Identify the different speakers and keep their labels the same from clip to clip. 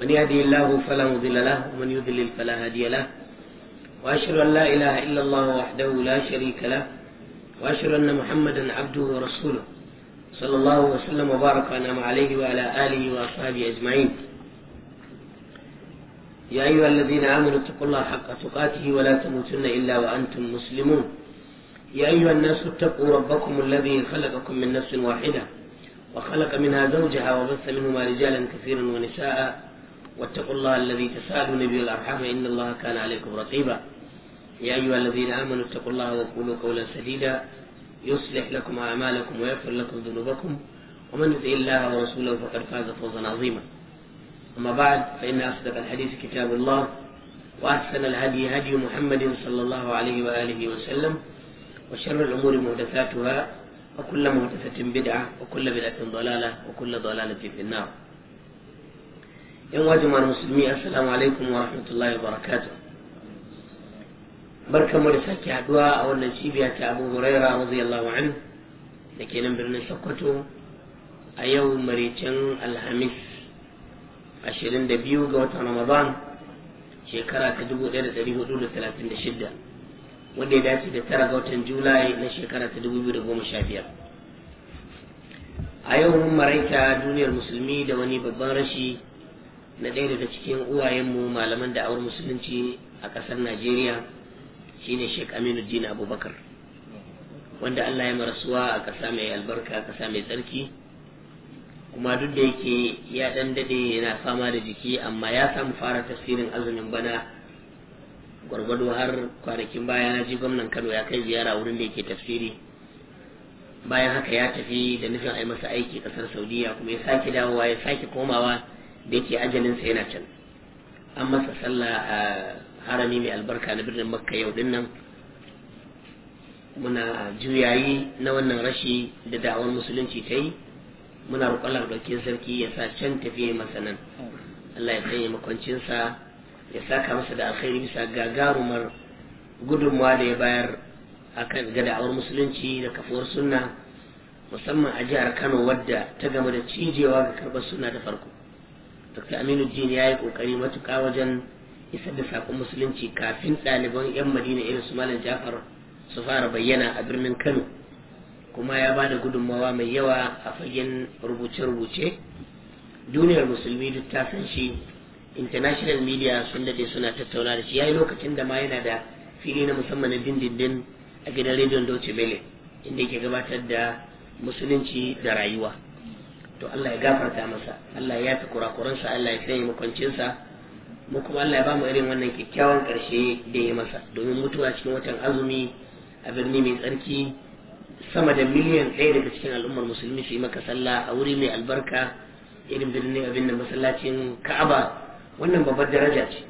Speaker 1: من يهدي الله فلا مضل له ومن يضلل فلا هادي له وأشهد أن لا إله إلا الله وحده لا شريك له وأشهد أن محمدا عبده ورسوله صلى الله وسلم وبارك وأنعم عليه وعلى آله وأصحابه أجمعين يا أيها الذين آمنوا اتقوا الله حق تقاته ولا تموتن إلا وأنتم مسلمون يا أيها الناس اتقوا ربكم الذي خلقكم من نفس واحدة وخلق منها زوجها وبث منهما رجالا كثيرا ونساء واتقوا الله الذي تساءلون به الأرحام إن الله كان عليكم رقيبا يا أيها الذين آمنوا اتقوا الله وقولوا قولا سديدا يصلح لكم أعمالكم ويغفر لكم ذنوبكم ومن يطع الله ورسوله فقد فاز فوزا عظيما أما بعد فإن أصدق الحديث كتاب الله وأحسن الهدي هدي محمد صلى الله عليه وآله وسلم وشر الأمور محدثاتها وكل محدثة بدعة وكل بدعة ضلالة وكل ضلالة في النار yan wajimar musulmi assalamu alaikum wa rahmatullahi wa barakatuh barkamu da sake haduwa a wannan cibiya ta abu huraira radiyallahu anhu da ke nan birnin sokoto a yau maraicen alhamis 22 ga watan ramadan shekara ta 1436 wanda ya dace da tara ga watan julai na shekara ta 2015 a yau mun maraita duniyar musulmi da wani babban rashi na ɗaya daga cikin uwayenmu malaman da awar musulunci a ƙasar najeriya shine Aminu aminuddin abubakar wanda allah ya marasuwa a ƙasa mai albarka a ƙasa mai tsarki kuma duk da yake ya ɗan daɗe yana fama da jiki amma ya samu fara tafsirin azumin bana gwargwado har kwanakin baya na ji gwamnan kano ya kai ziyara wurin da yake tafsiri bayan haka ya tafi da nufin a yi masa aiki ƙasar saudiya kuma ya sake dawowa ya sake komawa da yake ajalinsa yana can an masa sallah a harami mai albarka na birnin makka yau din nan muna juyayi na wannan rashi da da'awar musulunci ta yi muna roƙon ɗaukin sarki ya sa can tafiye masa nan allah ya sanya makwancinsa ya saka masa da alkhairi bisa gagarumar gudunmawa da ya bayar akan ga da'awar musulunci da kafuwar sunna musamman a jihar kano wadda ta gama da cijewa ga karbar suna da farko dr aminu jini ya yi kokari matuka wajen isa da saƙon musulunci kafin ɗaliban 'yan madina irin su malam jafar su fara bayyana a birnin kano kuma ya ba da gudunmawa mai yawa a fagen rubuce-rubuce duniyar musulmi duk ta san shi international media sun daɗe suna tattauna da shi ya yi lokacin da ma yana da fili na musamman na dindindin a gidan rediyon Doce bele inda yake gabatar da musulunci da rayuwa to Allah ya gafarta masa Allah ya fi kurakuransa Allah ya sanya makwancinsa mu kuma Allah ya ba irin wannan kyakkyawan karshe da ya masa domin mutuwa cikin watan azumi a birni mai tsarki sama da miliyan ɗaya daga cikin al'ummar musulmi su yi maka sallah a wuri mai albarka irin birnin abin da masallacin ka'aba wannan babbar daraja ce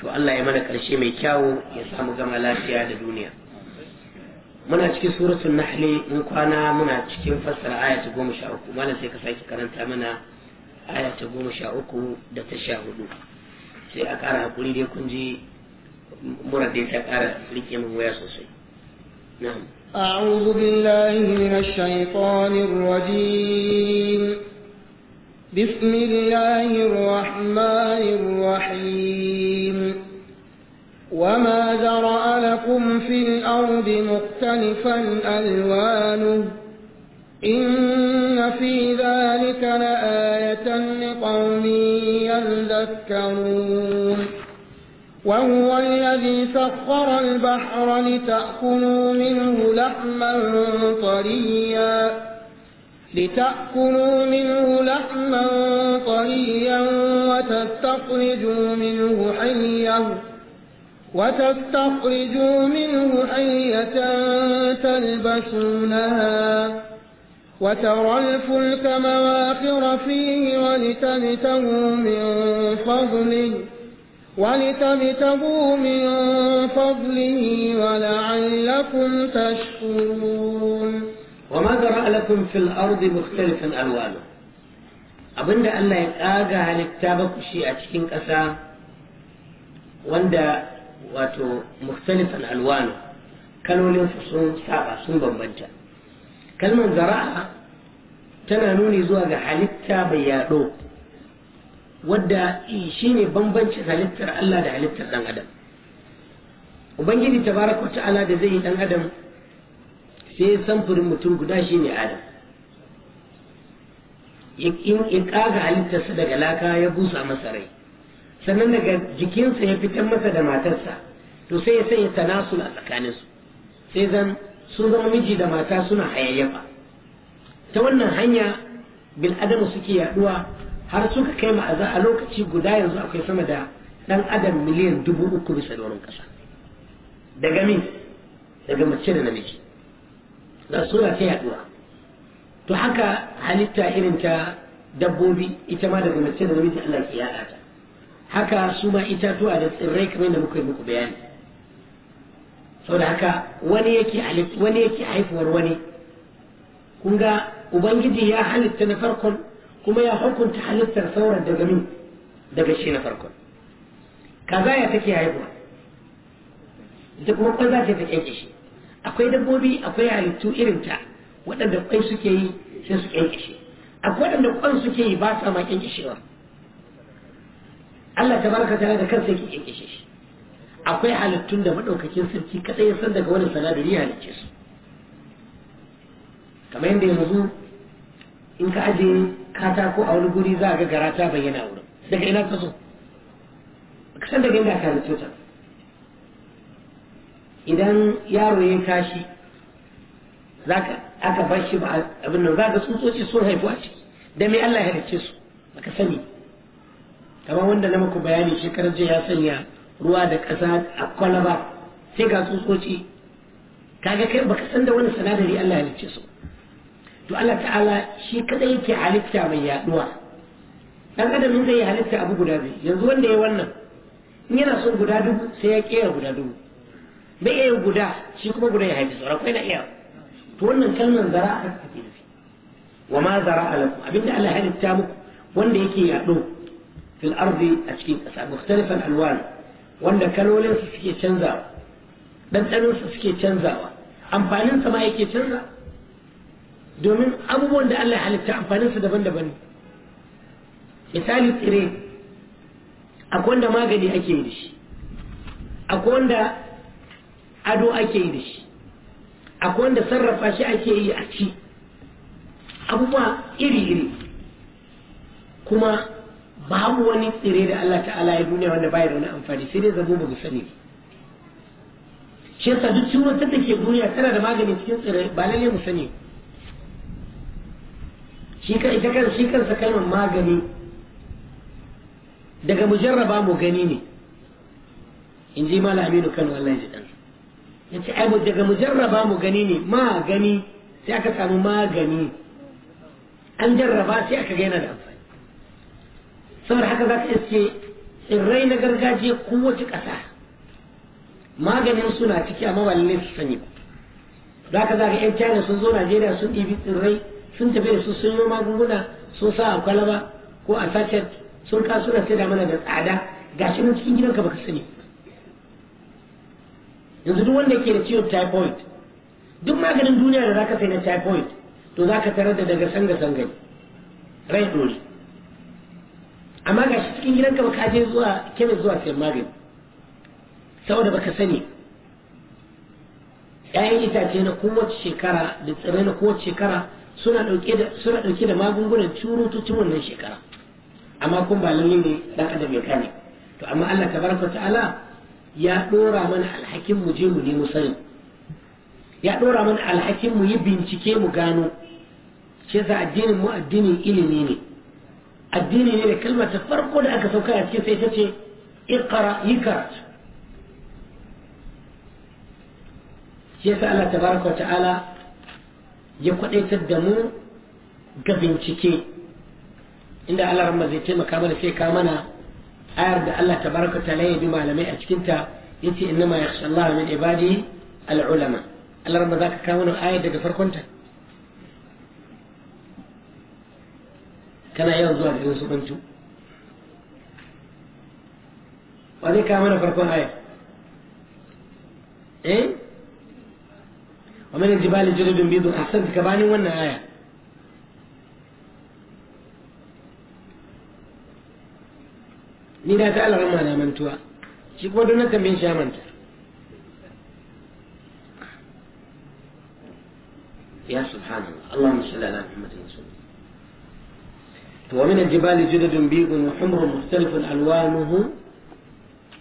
Speaker 1: to Allah ya mana karshe mai kyawu ya samu gama lafiya da duniya muna cikin suratul nahl in kwana muna cikin fassara ayatu goma sha uku malam sai ka sake karanta mana ayatu goma sha uku da ta sha hudu sai a kara hakuri dai kun ji mura dai ta kara rike min waya sosai
Speaker 2: na'am أعوذ بالله من الشيطان الرجيم بسم الله الرحمن الرحيم وما ذرأ لكم في الأرض مختلفا ألوانه إن في ذلك لآية لقوم يذكرون وهو الذي سخر البحر لتأكلوا منه لحما طريا لتأكلوا منه لحما طريا وتستخرجوا منه حيه وتستخرجوا منه حية تلبسونها وترى الفلك مواخر فيه ولتبتغوا من فضله ولتبتغوا من فضله ولعلكم تشكرون وما ذرأ لكم
Speaker 1: في الأرض مختلفا ألوانه abinda أن ya tsaga halitta ba ku shi a wato mukhtalifan alwanu kalolin su sun saba sun bambanta kalmar zara'a tana nuni zuwa ga halitta bai yado wadda shine bambancin halittar Allah da halittar dan adam ubangiji ta wa ta'ala da zai yi dan adam sai samfurin mutum guda shine adam ya kaga halittarsa daga laka ya busa masa rai sannan daga jikinsa ya fitar masa da matarsa to sai ya sanya tanasul a tsakaninsu sai zan sun zama miji da mata suna hayayyafa ta wannan hanya bil adamu suke yaduwa har suka kai ma'aza a lokaci guda yanzu akwai sama da dan adam miliyan dubu uku bisa wurin kasa daga min daga mace da namiji da suna ta yaduwa to haka halitta irin ta dabbobi ita ma daga mace da namiji Allah ke yada ta haka su ma itatuwa da tsirrai kamar da muka yi muku bayani saboda haka wani yake wani yake haifuwar wani kun ga ubangiji ya halitta na farkon kuma ya hukunta halittar sauran daga min daga shi na farkon kaza ya take haifuwa ita kuma kwai za ta yi kyanke shi akwai dabbobi akwai halittu irinta waɗanda kwai suke yi sai su kyanke shi akwai waɗanda kwan suke yi ba sa ma shi shewa Allah ta baraka tare da kansa yake kekeshe shi akwai halittun da madaukakin sarki kadai ya san daga wani sanadari ya halicce su kamar yadda yanzu in ka aje katako a wani guri za a ga gara ta bayyana wurin daga ina ta zo ka san daga inda ka halicce ta idan yaro ya kashi zaka aka bashi ba abin nan za ka tsutsotsi sun haifu a ciki da me Allah ya halicce su baka sani kamar wanda na muku bayani shekarar jiya ya sanya ruwa da ƙasa a kwalaba sai ga tsutsotsi kaga kai baka san da wani sanadari Allah ya halicce su to Allah ta'ala shi kadai yake halitta mai yaduwa dan adam in zai halitta abu guda biyu yanzu wanda ya wannan in yana son guda dubu sai ya kera guda dubu bai iya guda shi kuma guda ya haifi sauran kai na iya to wannan kalmar zara'a take nufi wa ma zara'a lakum abinda Allah ya halitta muku wanda yake yaduwa fil ardi a cikin ƙasa mukhtalifan alwan wanda kalolin su suke canzawa ɗanɗanon su suke canzawa amfanin ma yake canza domin abubuwan da Allah halitta amfanin daban-daban ne misali tsire akwai wanda magani ake yi da shi akwai wanda ado ake yi da shi akwai wanda sarrafa shi ake yi a ci abubuwa iri-iri kuma babu wani tsire da Allah ta'ala ya duniya wanda baya da wani amfani sai dai zamo ba mu sani ba shi yasa duk cutar da ke duniya tana da magani cikin tsire ba lalle mu sani shi ka ita kan shi kansa kalmar magani daga mujarraba mu gani ne in ji mala aminu kano Allah ya ji dan ya ce ai daga mujarraba mu gani ne ma gani sai aka samu magani an jarraba sai aka ga yana da amfani saboda haka za ka iske tsirrai na gargajiya ko wata ƙasa maganin suna ciki amma ba lallai su sani ba za ka za ka yan china sun zo najeriya sun ɗibi tsirrai sun tafi da su sun yi magunguna sun sa a kwalaba ko a sachet sun ka suna sai da mana da tsada ga shi mun cikin gidanka baka sani yanzu duk wanda ke da ciwon typhoid duk maganin duniya da zaka sai na typhoid to za ka tarar da daga sanga sangai rai dole. amma ga shi cikin gidanka ba ka je zuwa kebe zuwa sayan magani saboda baka sani ‘ya'yan itace na kowace shekara da tsirrai na kowace shekara suna ɗauke da magungunan curututun wannan shekara amma kun ba lalle ne ɗan adam ya kane to amma Allah tabaraka ta'ala ya ɗora mana alhakin mu je mu nemo sanin ya ɗora mana alhakin mu yi bincike mu gano shi addinin mu addinin ilimi ne addini ne da kalma ta farko da aka sauka a cikin sai ta ce iqra yi karatu shi yasa Allah tabaraka ta'ala ya kwadaitar da mu ga bincike inda Allah ramma zai taimaka mana sai ka mana ayar da Allah tabaraka ta'ala ya bi malamai a cikin ta yace innama yakhsha Allah min ibadihi al ulama Allah ramma zaka kawo mana ayar daga farkon ta kana yawan zuwa da wasu bancu ba zai kawo mana farkon aya eh wa min jibali jurudun bidun ahsanta ka bani wannan aya ni da ta alaran ma na mantuwa shi kuma don na tambayin sha manta يا سبحان الله اللهم صل على ومن الجبال جدد بيض وحمر مختلف ألوانه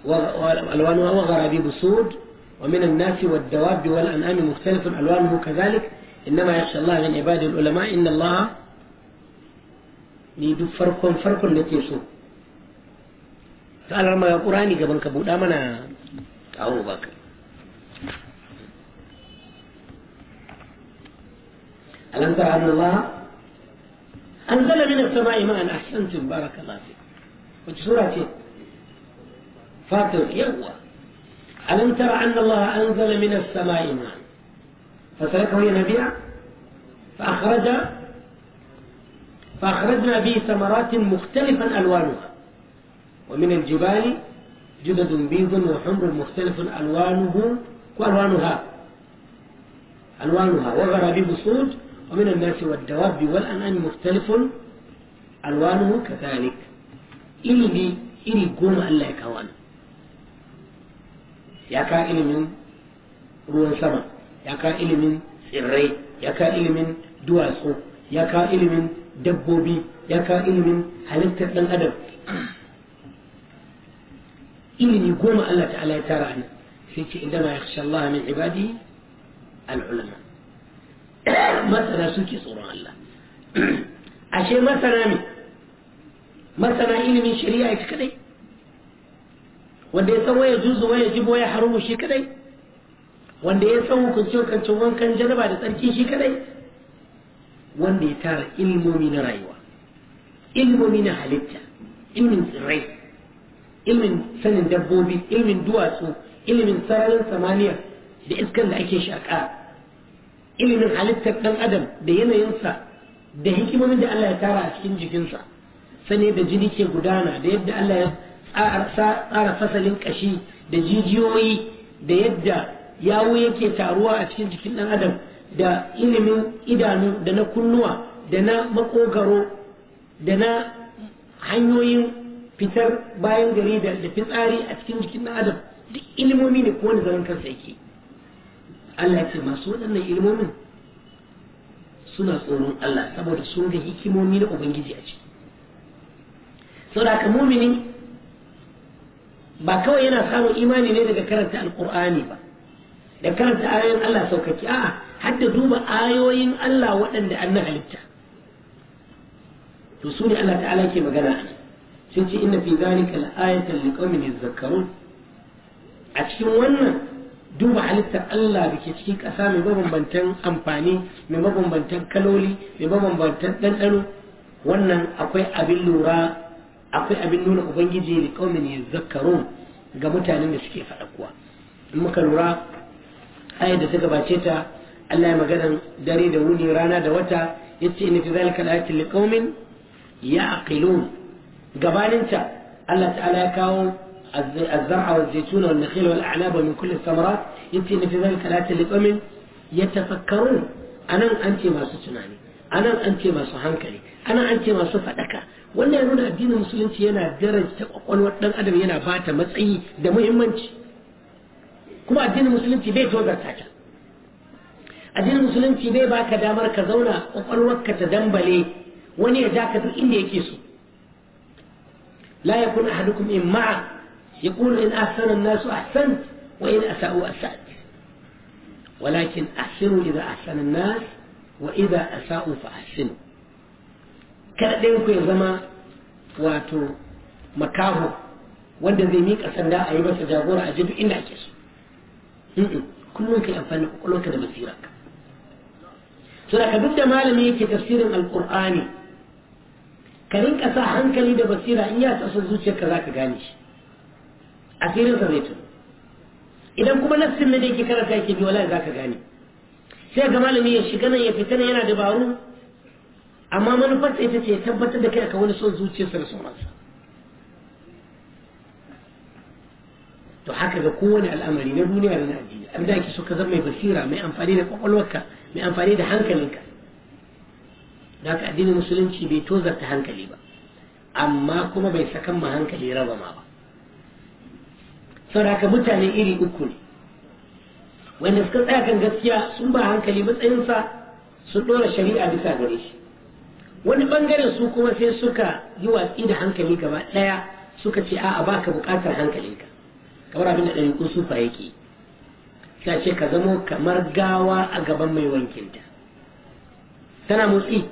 Speaker 1: وألوانها وغرابيب سود ومن الناس والدواب والأنعام مختلف ألوانه كذلك إنما يخشى الله من عباده العلماء إن الله ni فرق فرق farkon da ke so ta alarma ya ƙurani gaban ka buɗa mana ƙawo baka أنزل من السماء ماء أحسنتم بارك الله فيكم وسورة فاتر يوى ألم ترى أن الله أنزل من السماء ماء فسلكه ينبيع فأخرج فأخرجنا به ثمرات مختلفا ألوانها ومن الجبال جدد بيض وحمر مختلف ألوانه وألوانها ألوانها وغرابيب صوت ومن الناس والدواب والأنعام مختلف ألوانه كذلك إلي إلي قوم ألا يكوان يا كائن من روح سما يا كائن من سري يا كائن من دواسو يا كائن من دبوبي يا كائن من حلفت من أدب إلي قوم ألا تعالى ترى عنه إنما يخشى الله من عباده العلماء masana suke tsoron Allah ashe masana ne masana ilimin shari'a ita kadai wanda ya san waya juzu waya jibo ya haramu shi kadai wanda ya san hukuncin kancin wankan janaba da tsarki shi kadai wanda ya tara ilmomi na rayuwa ilmomi na halitta ilmin tsirrai ilmin sanin dabbobi ilmin duwatsu ilmin sararin samaniya da iskan da ake shaƙa ilimin halittar ɗan adam da yanayinsa da hikimomin da Allah ya tara a cikin jikinsa sane da jini ke gudana da yadda Allah ya tsara fasalin kashi da jijiyoyi da yadda yawo yake taruwa a cikin jikin ɗan adam da ilimin idanu da na kunnuwa da na makogaro da na hanyoyin fitar bayan gari da fitsari a cikin jikin ɗan adam duk ilimomi ne kowane zaman kansa yake Allah ce masu waɗannan ilmomin suna tsoron Allah saboda sun ga hikimomi na Ubangiji a ciki saboda haka mumini ba kawai yana samun imani ne daga karanta alkur'ani ba da karanta ayoyin Allah saukaki a'a har da duba ayoyin Allah waɗanda an na halitta to su ne Allah ta'ala ke magana sun ce inna fi zalika la'ayatan liqaumin yadhakkarun a cikin wannan duba halittar Allah da ke cikin ƙasa mai mabambantan amfani mai mabambantan kaloli mai mabambantan ɗanɗano wannan akwai abin lura akwai abin nuna ubangiji da kaumin ya zakkaro ga mutanen da suke faɗakuwa kuwa in muka lura ayar da ta gabace ta Allah ya maganan dare da wuni rana da wata ce inna fi zalika ayatin liqaumin ya'qilun gabaninta Allah ta'ala ya kawo الزرع والزيتون والنخيل والأعناب ومن كل الثمرات يأتي إن في ذلك الآية لقوم يتفكرون أنا أنت ما ستناني أنا أنت ما سهنكلي أنا أنت ما سفدك wannan ya nuna addinin musulunci yana darajta kwakwalwar ɗan adam yana bata matsayi da muhimmanci kuma addinin musulunci bai tozarta ta addinin musulunci bai baka damar ka zauna ka ta dambale wani ya ja duk inda yake so la yakun ahadukum in ma'a يقول إن أحسن الناس أحسنت وإن أساءوا أسأت ولكن أحسنوا إذا أحسن الناس وإذا أساءوا فأحسنوا kada ɗayanku ya zama wato makaho wanda zai miƙa sanda a yi masa jagora a duk inda ake so kullum ka yi amfani da kwakwalwarka da basirarka suna ka duk da malami yake tafsirin alƙur'ani ka rinka sa hankali da basira in ya tasa zuciyarka za ka gane shi asirin sa zai idan kuma nassin na da yake karanta yake bi wallahi zaka gane sai ga malami ya shiga nan ya fita nan yana dabaru amma manufarsa ita ce ya tabbatar da kai ka wani son zuciyarsa da sauransa to haka ga kowane al'amari na duniya da na addini abin da ake so ka zama mai basira mai amfani da kwakwalwarka mai amfani da hankalinka da haka addinin musulunci bai tozarta hankali ba amma kuma bai sakan ma hankali raba ma ba saboda mutane iri uku ne wanda suka tsaya kan gaskiya sun ba hankali matsayinsa sun ɗora shari'a bisa gare shi wani bangaren su kuma sai suka yi watsi da hankali gaba ɗaya suka ce a'a baka buƙatar hankalinka kamar abin da ɗari ko sufa yake ta ce ka zamo kamar gawa a gaban mai wankinta tana motsi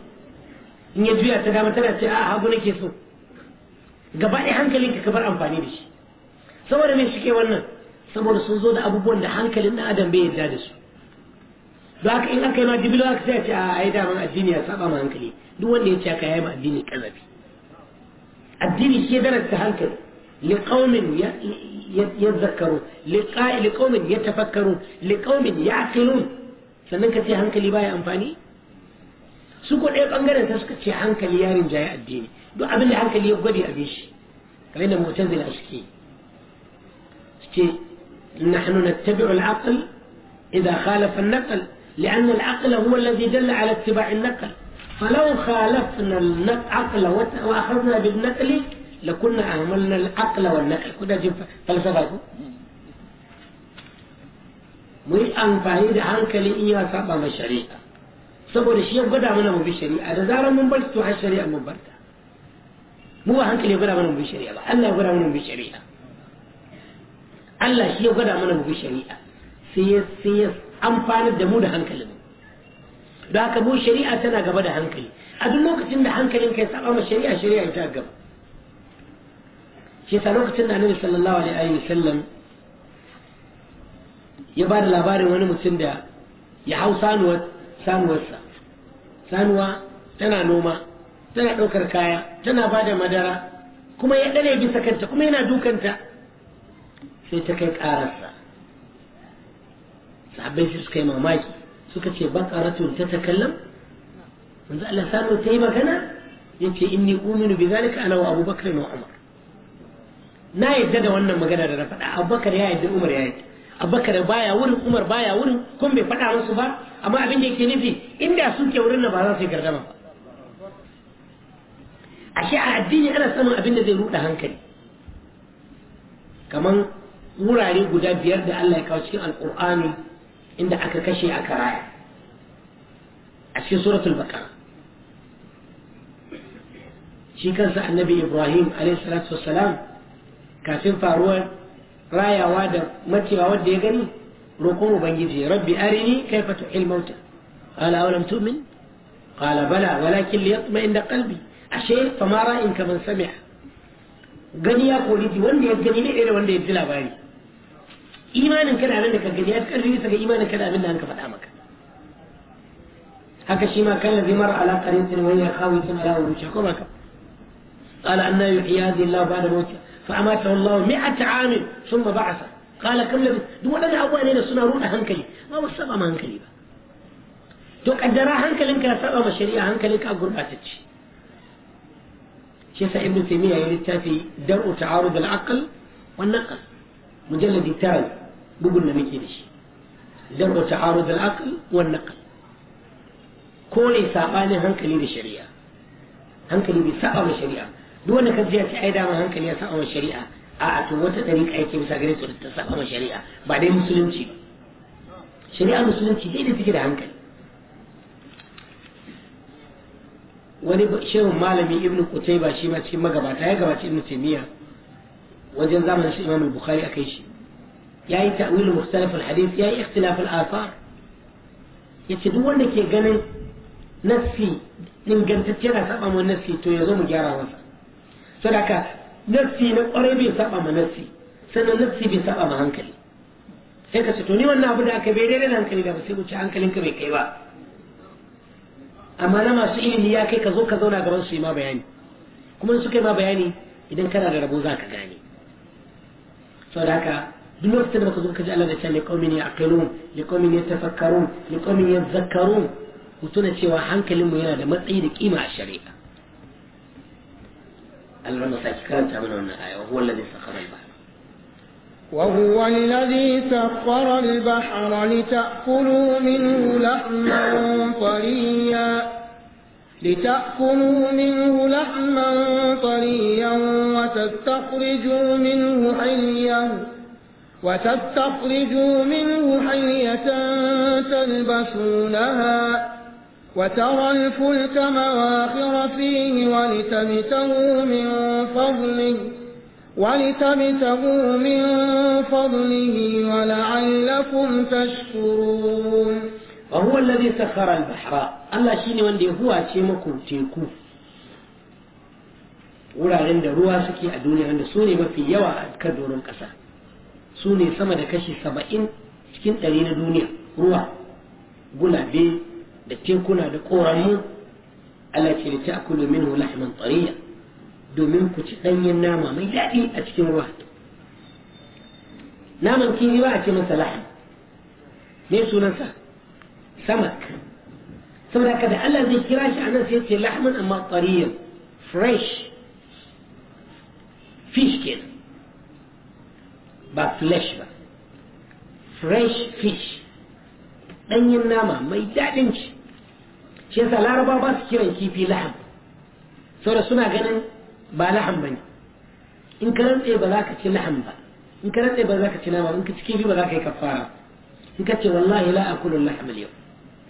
Speaker 1: in ya juya ta dama tana ce a'a hagu nake so gaba ɗaya hankalinka ka bar amfani da shi saboda me suke wannan saboda sun zo da abubuwan da hankalin na adam bai yarda da su don haka in aka yi ma jibilo aka sai ce a ai daman addini ya saba ma hankali duk wanda ya ce aka yayi ma addini kazafi addini shi darasta hankali liqaumin yadhakkaru liqa'i liqaumin yatafakkaru liqaumin ya'qilun sannan ka ce hankali baya amfani su ko ɗaya ɓangaren ta suka ce hankali ya rinjaye addini duk abin da hankali ya gwade abin shi kamar da mu'tazila suke yi نحن نتبع العقل إذا خالف النقل لأن العقل هو الذي دل على اتباع النقل فلو خالفنا العقل وأخذنا بالنقل لكنا أهملنا العقل والنقل كنا جيب فلسفة طيب، مي أن فايد عنكلي إيا سابا مشاريع سبور الشيء بدا منا مو بشريعة إذا زار من برد تروح الشريعة من برد مو عنكلي بدا منا مو بشريعة الله بدا منا مو بشريعة Allah shi ya gwada mana mu shari'a sai ya amfani da mu da hankalin da haka mu shari'a tana gaba da hankali a duk lokacin da hankalin kai saba ma shari'a shari'a ita gaba shi sa lokacin da annabi sallallahu alaihi wa sallam ya ba da labarin wani mutum da ya hau sanuwar sanuwarsa sanuwa tana noma tana ɗaukar kaya tana ba da madara kuma ya ɗare bisa kanta kuma yana dukanta sai ta kai ƙararsa sahabbai sai suka yi mamaki suka ce baqaratun ta kallon manzo Allah sa ta yi magana yace inni uminu bi zalika ana wa Abubakar na Umar na yadda da wannan magana da na faɗa Abubakar ya yadda Umar ya yadda Abubakar baya wurin Umar baya wurin kun bai faɗa musu ba amma abin da yake nufi inda suke wurin na ba za su yi gardama ba ashe a addini ana samun abin da zai ruɗa hankali kaman wurare guda biyar da Allah ya kawo cikin alkur'ani inda aka kashe aka raya a cikin suratul baqara shi kansa annabi ibrahim alaihissalatu kafin faruwar rayawa da macewa wanda ya gani roƙon ubangiji rabbi arini kaifa tuhil mauta qala aw lam tu'min qala bala walakin liyatma'inna qalbi ashe fa ma ra'inka man sami'a gani ya kori wanda ya gani ne da wanda ya ji labari إيمان كلا عندك الجليات كريسة إيمان كلا عندنا أنك فتحمك هكذا ما كان الذي مر على قرين وهي خاوية على وروشة كمك قال أن يحيي هذه الله بعد موته فأماته الله مئة عام ثم بعثه قال كم لبث دو أنا أولي لسنا رونا هنكلي ما وصف أما هنكلي دو قدرا هنكلي إنك أصاب أما شريعة هنكلي كأقول باتتش شيسا ابن تيمية يريد تاتي درء تعارض العقل والنقل مجلد التالي bugun da muke da shi ta haru da aql wan naql ko ne sabanin hankali da shari'a hankali bai saɓa wa shari'a duk wanda ka ji ya ce ai dama hankali ya saɓa wa shari'a a a to wata dari aiki bisa gare su ta saɓa wa shari'a ba dai musulunci ba shari'a musulunci dai da take da hankali wani shehun malami ibnu kutaiba shi ma cikin magabata ya gabata ibnu taymiya wajen zamanin shi imamu bukhari akai shi yayi ta'wilu mukhtalif al-hadith yayi ikhtilaf al-athar yace duk wanda ke ganin nassi ingantacce na saba ma nassi to yazo mu gyara masa saboda nassi na kwarai bai saba ma nassi sannan nassi bai saba ma hankali sai ka ce to ni wannan abu da aka bai daidai da hankali da ba sai hankalin hankalinka bai kai ba amma na masu ilimi ya kai ka zo ka zauna gaban su yi ma bayani kuma in suka yi ma bayani idan kana da rabo za ka gane saboda ka. دلوقتي تدرس ذلك الله ده لقوم يعقلون لقوم يتفكرون لقوم يتذكرون وتنا cewa hankalin mu yana da matsayi da kima
Speaker 2: وهو الذي سخر البحر لتأكلوا منه لحما طريا لتأكلوا منه لحما طريا وتستخرجوا منه حليا وتستخرجوا منه حية تلبسونها وترى الفلك مواخر فيه ولتبتغوا من فضله ولتبتغوا من فضله ولعلكم تشكرون
Speaker 1: وهو الذي سخر البحر الله شيني وندي هو تيمكو تيكو ولا عند ruwa الدنيا عند سوني وفي su ne mafi su ne sama da kashi saba'in cikin ɗari na duniya ruwa gulabe da tekuna da ƙoramu Allah ce da min hula lahman tariya domin ku ci ɗanyen nama mai daɗi a cikin ruwa naman kini ba a ce masa lahm me sunansa samak saboda haka da Allah zai kira shi a nan sai ce lahman amma tsariya fresh fish kenan ba flesh ba fresh fish ɗanyen nama mai daɗin ci shi yasa laraba ba su kiran kifi laham saboda suna ganin ba laham ba ne in ka rantse ba za ka ci laham ba in ka rantse ba za ka ci nama in ka ci kifi ba za ka yi kafara in ka ce wallahi la akulu laham yau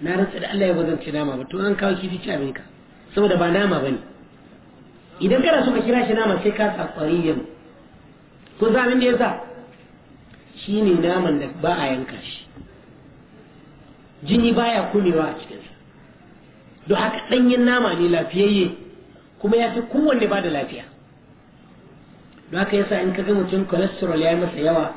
Speaker 1: na rantse da Allah ya bazan ci nama ba to an kawo kifi ci abinka saboda ba nama ba ne idan kana so ka kira shi nama sai ka tsakwari yau ko zamin da ya sa ne naman da ba a yanka shi
Speaker 2: jini baya kunewa
Speaker 1: a cikinsa don haka ɗanyen nama ne lafiyayye kuma ya fi kowanne ba da lafiya don haka yasa in ka ga mutum cholesterol ya yi masa yawa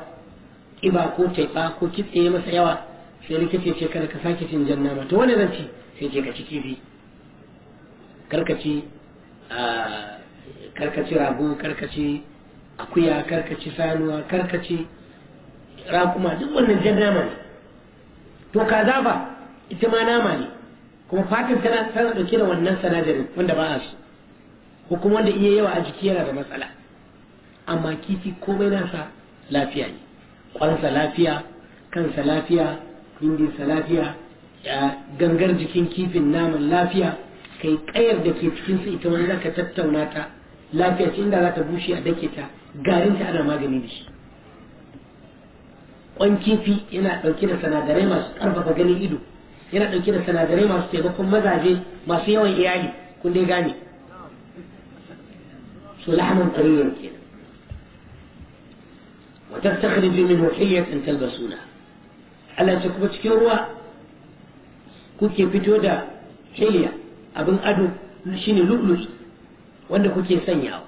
Speaker 1: ƙiba ko taiɓa ko kitse ya masa yawa sai likita ce kada ka sake cin jan nama to wani zan ci sai ce ka ci kifi karkaci karkaci rago karkaci akuya karkaci sanuwa karkaci raƙuma duk wannan jan nama ne to kaza ba ita ma nama ne kuma fatan tana tana dauke da wannan sanadarin wanda ba a so ko kuma wanda iya yawa a jiki yana da matsala amma kifi komai nasa lafiya ne kwansa lafiya kansa lafiya sa lafiya gangar jikin kifin naman lafiya kai kayar da ke cikin su ita wani zaka tattauna ta lafiya ce inda za ta bushe a dake ta garinta ta ana magani da shi kwan kifi yana ɗauke da sanadarai masu ƙarfafa ganin ido yana ɗauke da sanadarai masu taimakon mazaje masu yawan iyali kun dai gane su lahaman ƙaririn ke wata takhriju min huhiyyat in talbasuna Allah ce kuma cikin ruwa kuke fito da hiliya abin ado shi ne lulus wanda kuke sanyawa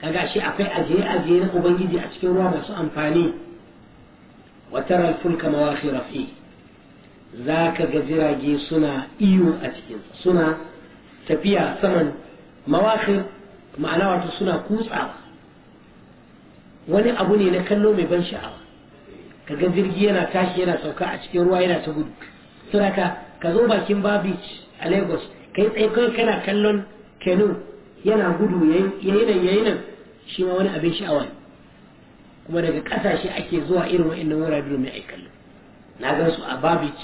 Speaker 1: kaga shi akwai ajiye ajiye na ubangiji a cikin ruwa masu amfani وترى الفلك مواخر فيه ذاك جزيرة جي سنة إيو أتكين سنة تبيع ثمن مواخر معنى واتو سنة كوس عوى wani abu ne na kallo mai ban sha'awa kaga jirgi yana tashi yana sauka a cikin ruwa yana ta gudu suraka ka zo bakin babich a lagos kai tsaye kai kana kallon kenu yana gudu yayi nan yayi nan shi wani abin sha'awa ne kuma daga kasashe ake zuwa irin wa'annan wurare domin a kallo na gan su a babic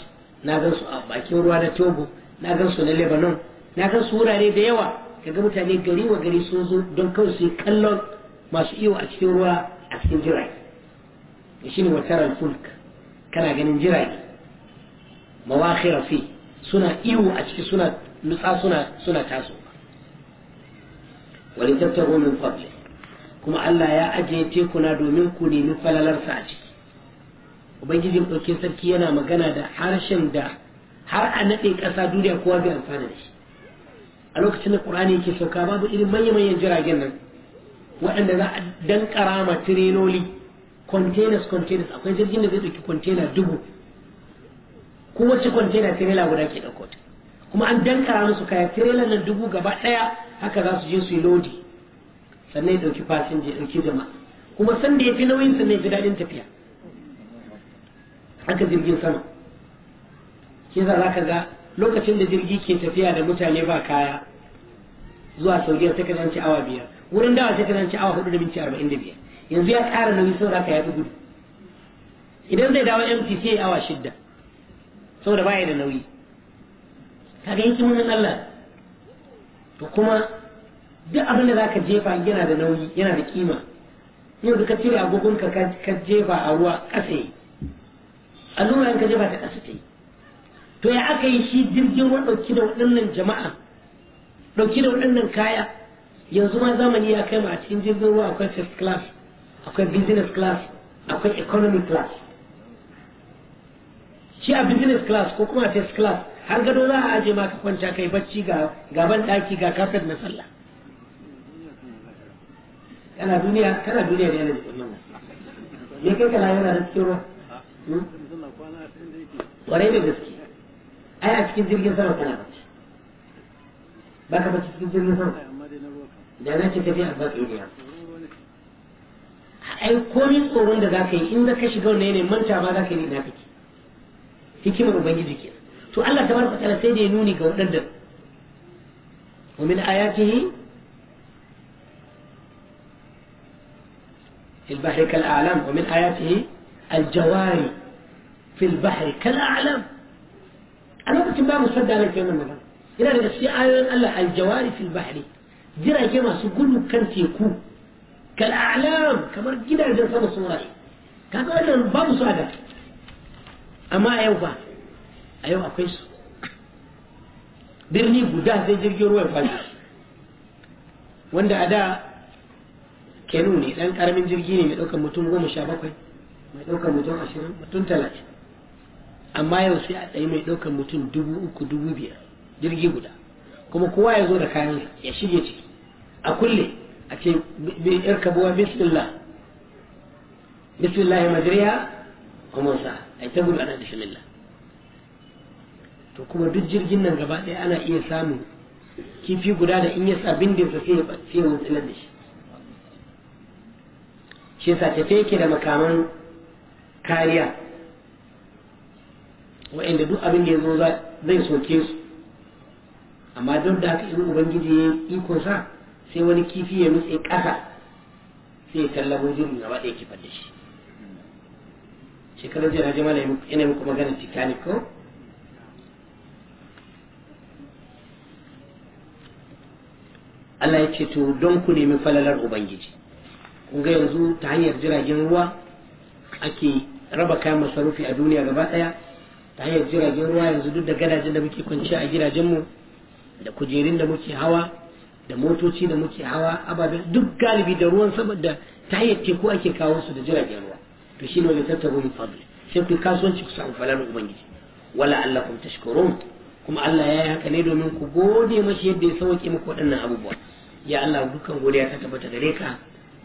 Speaker 1: na gan su a bakin ruwa na togo na gan su na lebanon na gan su wurare da yawa kaga mutane gari wa gari sun zo don kawai su kallon masu iyo a cikin ruwa a cikin jirage da ne wataran fulk kana ganin jirage mawakhira fi suna iyo a ciki suna nutsa suna suna taso walitabtahu min fadli kuma Allah ya ajiye tekuna domin ku nemi falalarsa a ciki ubangijin ɗaukin sarki yana magana da harshen da har a naɗe ƙasa duniya kowa bai amfana da shi a lokacin da ƙur'ani yake sauka babu irin manya-manyan jiragen nan waɗanda za a dankara ma tirenoli containers containers akwai jirgin da zai ɗauki container dubu kowace container tirela guda ke ɗauko kuma an dankara musu kaya tirelan nan dubu gaba ɗaya haka za su je su yi lodi sannan ya ɗauki fasinja ya ɗauki jama kuma sanda ya fi nauyin sannan ya fi daɗin tafiya haka jirgin sama ke za ka ga lokacin da jirgi ke tafiya da mutane ba kaya zuwa saudiya ta ka zanci awa biyar wurin dawa ta ka zanci awa hudu da minti arba'in da biyar yanzu ya ƙara nauyi saboda ka ya gudu idan zai dawo ya yi awa shidda saboda baya da nauyi kaga hikimin Allah to kuma duk abin da ka jefa yana da nauyi yana da kima yau da ka cire agogonka ka jefa a ruwa ƙasa allura in ka jefa ta ƙasa ta yi to ya aka yi shi jirgin ruwa ɗauki da waɗannan jama'a ɗauki da waɗannan kaya yanzu ma zamani ya kai ma a cikin jirgin ruwa akwai first class akwai business class akwai economy class shi a business class ko kuma first class har gado za a aje ma ka kwanta kai bacci ga gaban ɗaki ga kafet na sallah
Speaker 2: kana duniya kana duniya ne
Speaker 1: yana cikin wannan ya kai kana yana da cikin ruwa hmm? kwarai da gaske ai a cikin jirgin sama kana bacci ba ka bacci cikin jirgin sama da na ce tafiya ba tsiriya ai komin tsoron da za ka yi in da ka shiga wannan ne manta ba za ka yi na kake hikimar ubangiji ke to Allah tabaraka ta'ala sai da ya nuni ga waɗanda ومن آياته في البحر كالأعلام ومن آياته الجواري في البحر كالأعلام أنا قلت ما مصدق على الكلمة مثلا إلى أن السؤال آية قال له الجواري في البحر جرى كما سقول كان تيكو كالأعلام كما جدا جرى سبا سمراي كان قال له بابو سعادة أما أيوبا أيوبا كويس برني قداه زي جرى وين فاجر وانا أداء kenu ne dan karamin jirgi ne mai daukar mutum goma sha bakwai mai daukar mutum ashirin mutum talatin amma yau sai a tsaye mai daukar mutum dubu uku dubu biyar jirgi guda kuma kowa ya zo da kayan ya shige ciki a kulle a ce bin irkabuwa bismillah bismillah majriya wa musa ai ta gudu ana bismillah to kuma duk jirgin nan gaba ɗaya ana iya samun kifi guda da in ya sa bindinsa sai ya wutsilar da shi shi yasa tafe yake da makaman kariya wa'inda duk abin da ya zo zai soke su amma duk da haka in ubangiji ya ikon sa sai wani kifi ya nutse ƙasa sai ya tallafo jirgin gaba ɗaya kifar da shi shekarar jira jima yana muku magana titanic ko Allah ya ce to don ku nemi falalar ubangiji Kunga yanzu ta hanyar jiragen ruwa ake raba kayan masarufi a duniya gaba daya ta hanyar jiragen ruwa yanzu duk da gadajen da muke kwanciya a gidajenmu da kujerun da muke hawa da motoci da muke hawa ababen duk galibi da ruwan saboda da ta hanyar teku ake kawo su da jiragen ruwa to shi ne wani tattabo min fadli sai ku kasuwanci ku samu falalar ubangiji wala allakum tashkurun kuma Allah ya yi haka ne domin ku gode mashi yadda ya sauke muku waɗannan abubuwa ya Allah dukkan godiya ta tabbata gare ka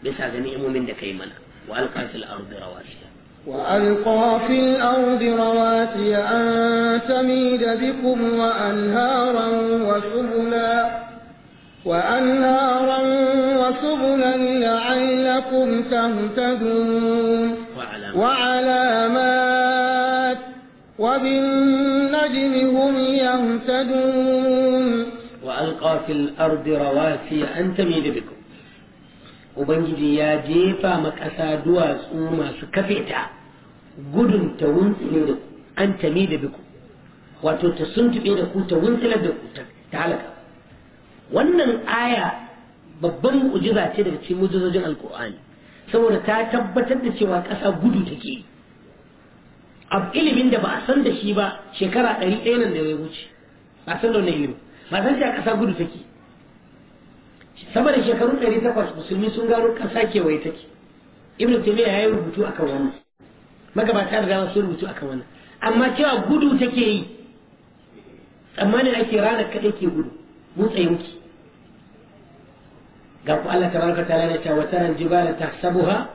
Speaker 1: bisa ga نعم من da kai mana wa وألقى في
Speaker 2: الأرض رواسي أن تميد بكم وأنهارا وسبلا وأنهارا وسبلا لعلكم تهتدون وعلامات وبالنجم هم يهتدون
Speaker 1: وألقى في الأرض رواسي أن تميد بكم ubangiji ya jefa ma ƙasa duwatsu masu kafe ta gudun ta wuntsile da ku an tami da biku wato ta suntuɓe da ku ta wuntsilar da ku ta halaka wannan aya babban mu'jiza ce daga cikin mu'jizojin alkur'ani saboda ta tabbatar da cewa ƙasa gudu take yi a ilimin da ba a san da shi ba shekara ɗari ɗaya nan da ya wuce ba san da wani ilimin ba san cewa ƙasa gudu take sama da shekaru 800 musulmi sun gano ƙasa kewaye take ibn taymiya ya yi rubutu kan wannan magabata da dama sun rubutu kan wannan amma cewa gudu take yi tsammanin ake ranar kaɗai ke gudu motsa yanki ga ku Allah tabaraka ta'ala ta cewa taran jibala tahsabuha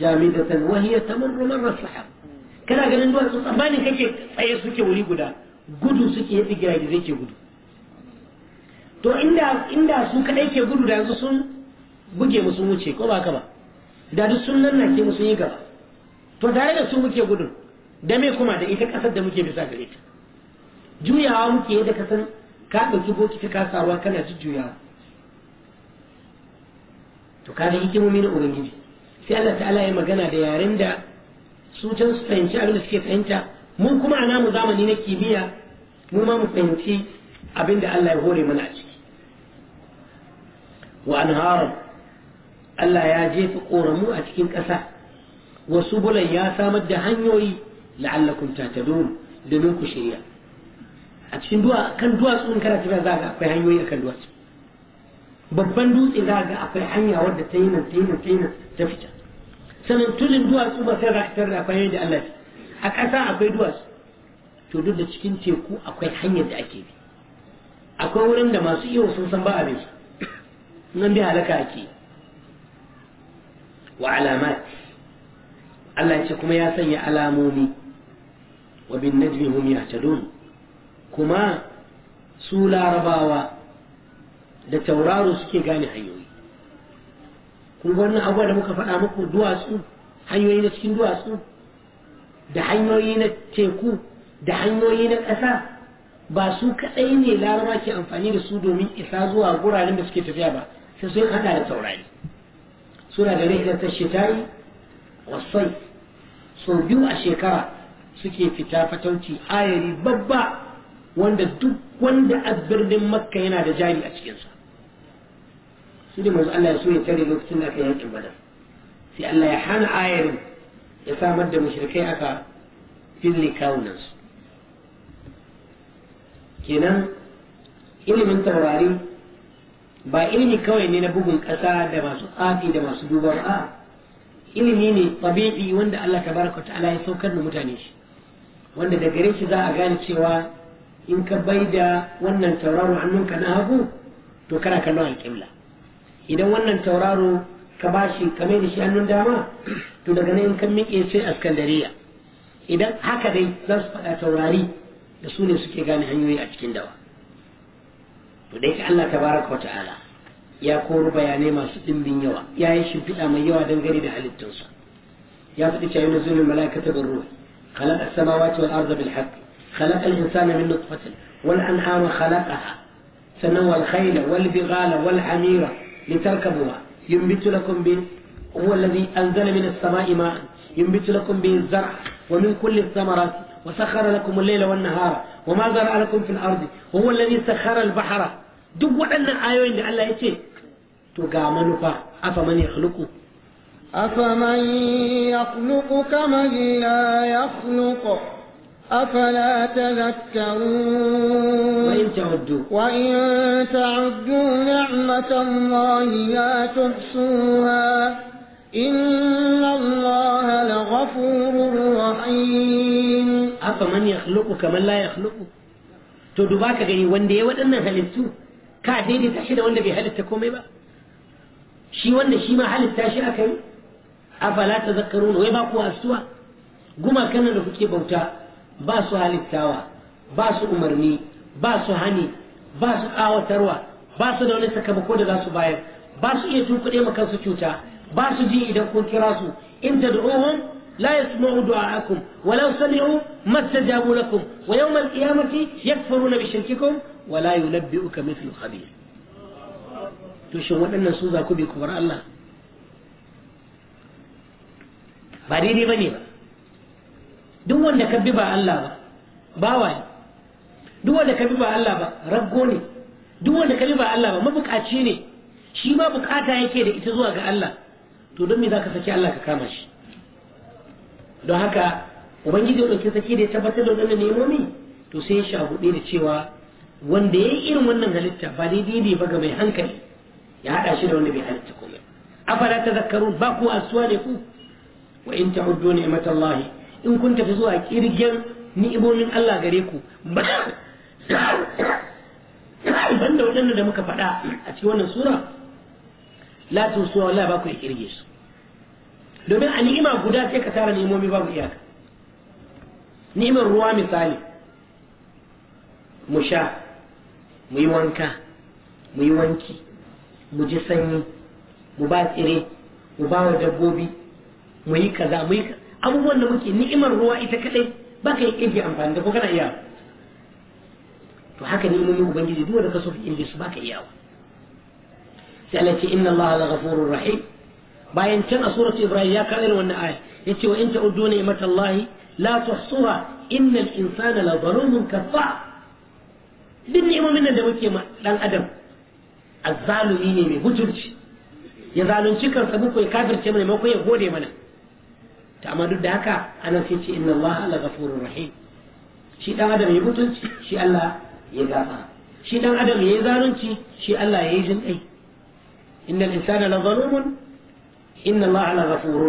Speaker 1: jamidatan wa hiya tamurru marra sahab kana ganin duwatsu tsammanin kake tsaye suke wuri guda gudu suke yi gira zai ke gudu to inda inda su kadai ke gudu da yanzu sun buge musu sun wuce ko ba ka ba da duk sun nan ke musu yi gaba to tare da su muke gudun da me kuma da ita kasar da muke bisa gare ta juyawa muke yadda ka san ka ɗauki boki ka sawa kana juyawa to kaga hikimomi na ubangiji sai Allah ta'ala ya magana da yaren da su can su fahimci abin da suke fahimta mun kuma a namu zamani na kimiyya mu ma mu fahimci abin da Allah ya hore mana a ciki wa anharan Allah ya jefa ƙoramu a cikin ƙasa wasu subulan ya samar da hanyoyi la'allakum tahtadun domin ku shirya a cikin duwatsu in akwai hanyoyi akan duwatsu babban dutse za ga akwai hanya wadda ta yi nan ta yi nan ta yi nan ta fita sannan tulin duwatsu ba sai da akwai hanyar da Allah a ƙasa akwai duwatsu to duk da cikin teku akwai hanyar da ake bi akwai wurin da masu iyo sun san ba a su nan dai halaka ake wa alamat Allah ya ce kuma ya sanya alamomi wa bin najmi hum yahtadun kuma su larabawa da tauraro suke gane hanyoyi kun wannan abuwa da muka faɗa muku duwatsu hanyoyi na cikin duwatsu da hanyoyi na teku da hanyoyi na ƙasa ba su kaɗai ne laraba ke amfani da su domin isa zuwa guraren da suke tafiya ba sai sun hada da taurari suna da rihilar ta shitari wasai sau biyu a shekara suke fita fatauci ayari babba wanda duk wanda a birnin makka yana da jari a cikinsa su da manzo Allah ya so ya tare lokacin da aka yankin badar sai Allah ya hana ayarin ya samar da mushrikai aka fili kawunansu kenan ilimin taurari ba ilimi kawai ne na bugun ƙasa da masu tsafi da masu duba a ilimi ne tabi'i wanda Allah baraka ta'ala ya saukar da mutane shi wanda da gare shi za a gane cewa in ka bai da wannan tauraro hannunka na hagu to kana kallon alƙibla idan wannan tauraro ka ba shi ka mai da shi hannun dama to daga nan in ka miƙe sai askandariya idan haka dai za su faɗa taurari da su ne suke gane hanyoyi a cikin dawa da الله تبارك وتعالى يا ta'ala يا koro bayanai بن dimbin يا ya في shimfiɗa mai yawa dangane da halittunsa ya يا cewa yana الملائكة بالروح خلق السماوات والأرض بالحق خلق الإنسان من نطفة والأنعام خلقها سنوى الخيل والبغال والحميرة لتركبوها ينبت لكم به هو الذي أنزل من السماء ماء ينبت لكم به الزرع ومن كل الثمرات وسخر لكم الليل والنهار وما زرع لكم في الأرض هو الذي سخر البحر duk waɗannan ayoyin da Allah ya ce to ga manufa afa man yakhluqu
Speaker 2: afa man la أفلا تذكرون وإن تعدوا وإن تعدوا نعمة الله لا تحصوها إن الله لغفور رحيم
Speaker 1: أفمن يخلق كمن لا يخلق تدباك غير وندي ودنا هلتو ka daidaita shi da wanda bai halitta komai ba shi wanda shi ma halitta shi aka yi a falata zakaru wai ba ku asuwa guma nan da kuke bauta ba su halittawa ba su umarni ba su hani ba su ƙawatarwa ba su da wani sakamako da za su bayar ba su iya tukuɗe ma kansu cuta ba su ji idan kun kira su in tad'uhum لا يسمعوا دعاءكم ولو سمعوا ما استجابوا لكم ويوم القيامة يكفرون بشرككم ولا ينبئك مثل خبير تشو أن سوزا كبي كبر الله بريني بني دو أن الله باوان دو أن الله با رقوني دو أن الله با ما بك أتشيني شي ما بك أتا يكيد إتزوها كالله تو دمي ذاك فكي الله كامش don haka ubangiji ya dauke saki da ya tabbatar da wannan nemomi to sai ya da cewa wanda ya yi irin wannan halitta ba daidai ne ba ga mai hankali ya haɗa shi da wanda bai halitta komai afala tazakkarun ba ku asuwa ne ku wa in ta'uddu ni'matallahi in kun tafi zuwa kirgen ni'imomin Allah gare ku banda waɗanda da muka faɗa a cikin wannan sura la tusuwa wallahi ba ku kirge su domin a ni'ima guda sai ka tara ni'imomi babu iyaka ni'imar ruwa misali mu sha mu yi wanka mu yi wanki mu ji sanyi mu ba tsire mu ba wa dabbobi mu yi kaza mu yi abubuwan da muke ni'imar ruwa ita kadai ba ka yi ƙirge amfani da ko kana iya to haka ni'imomin ubangiji duk wanda ka so ka ƙirge su ba ka iyawa sai Allah ce inna Allah la ghafurur rahim bayan can a suratu ibrahim ya kawo irin wannan aya yace wa in ta'uddu ni'matallahi la tuhsuha innal insana la zalumun kafa duk ni'imomin nan da muke ma dan adam azzalumi ne mai butulci ya zalunci kansa muku ya kafirce mana maimakon ya gode mana ta amma duk da haka anan sai ce inna allaha la ghafurur rahim shi dan adam ya butulci shi Allah ya gafa shi dan adam ya yi zalunci shi Allah ya yi jin dai innal insana la zalumun إن الله لغفور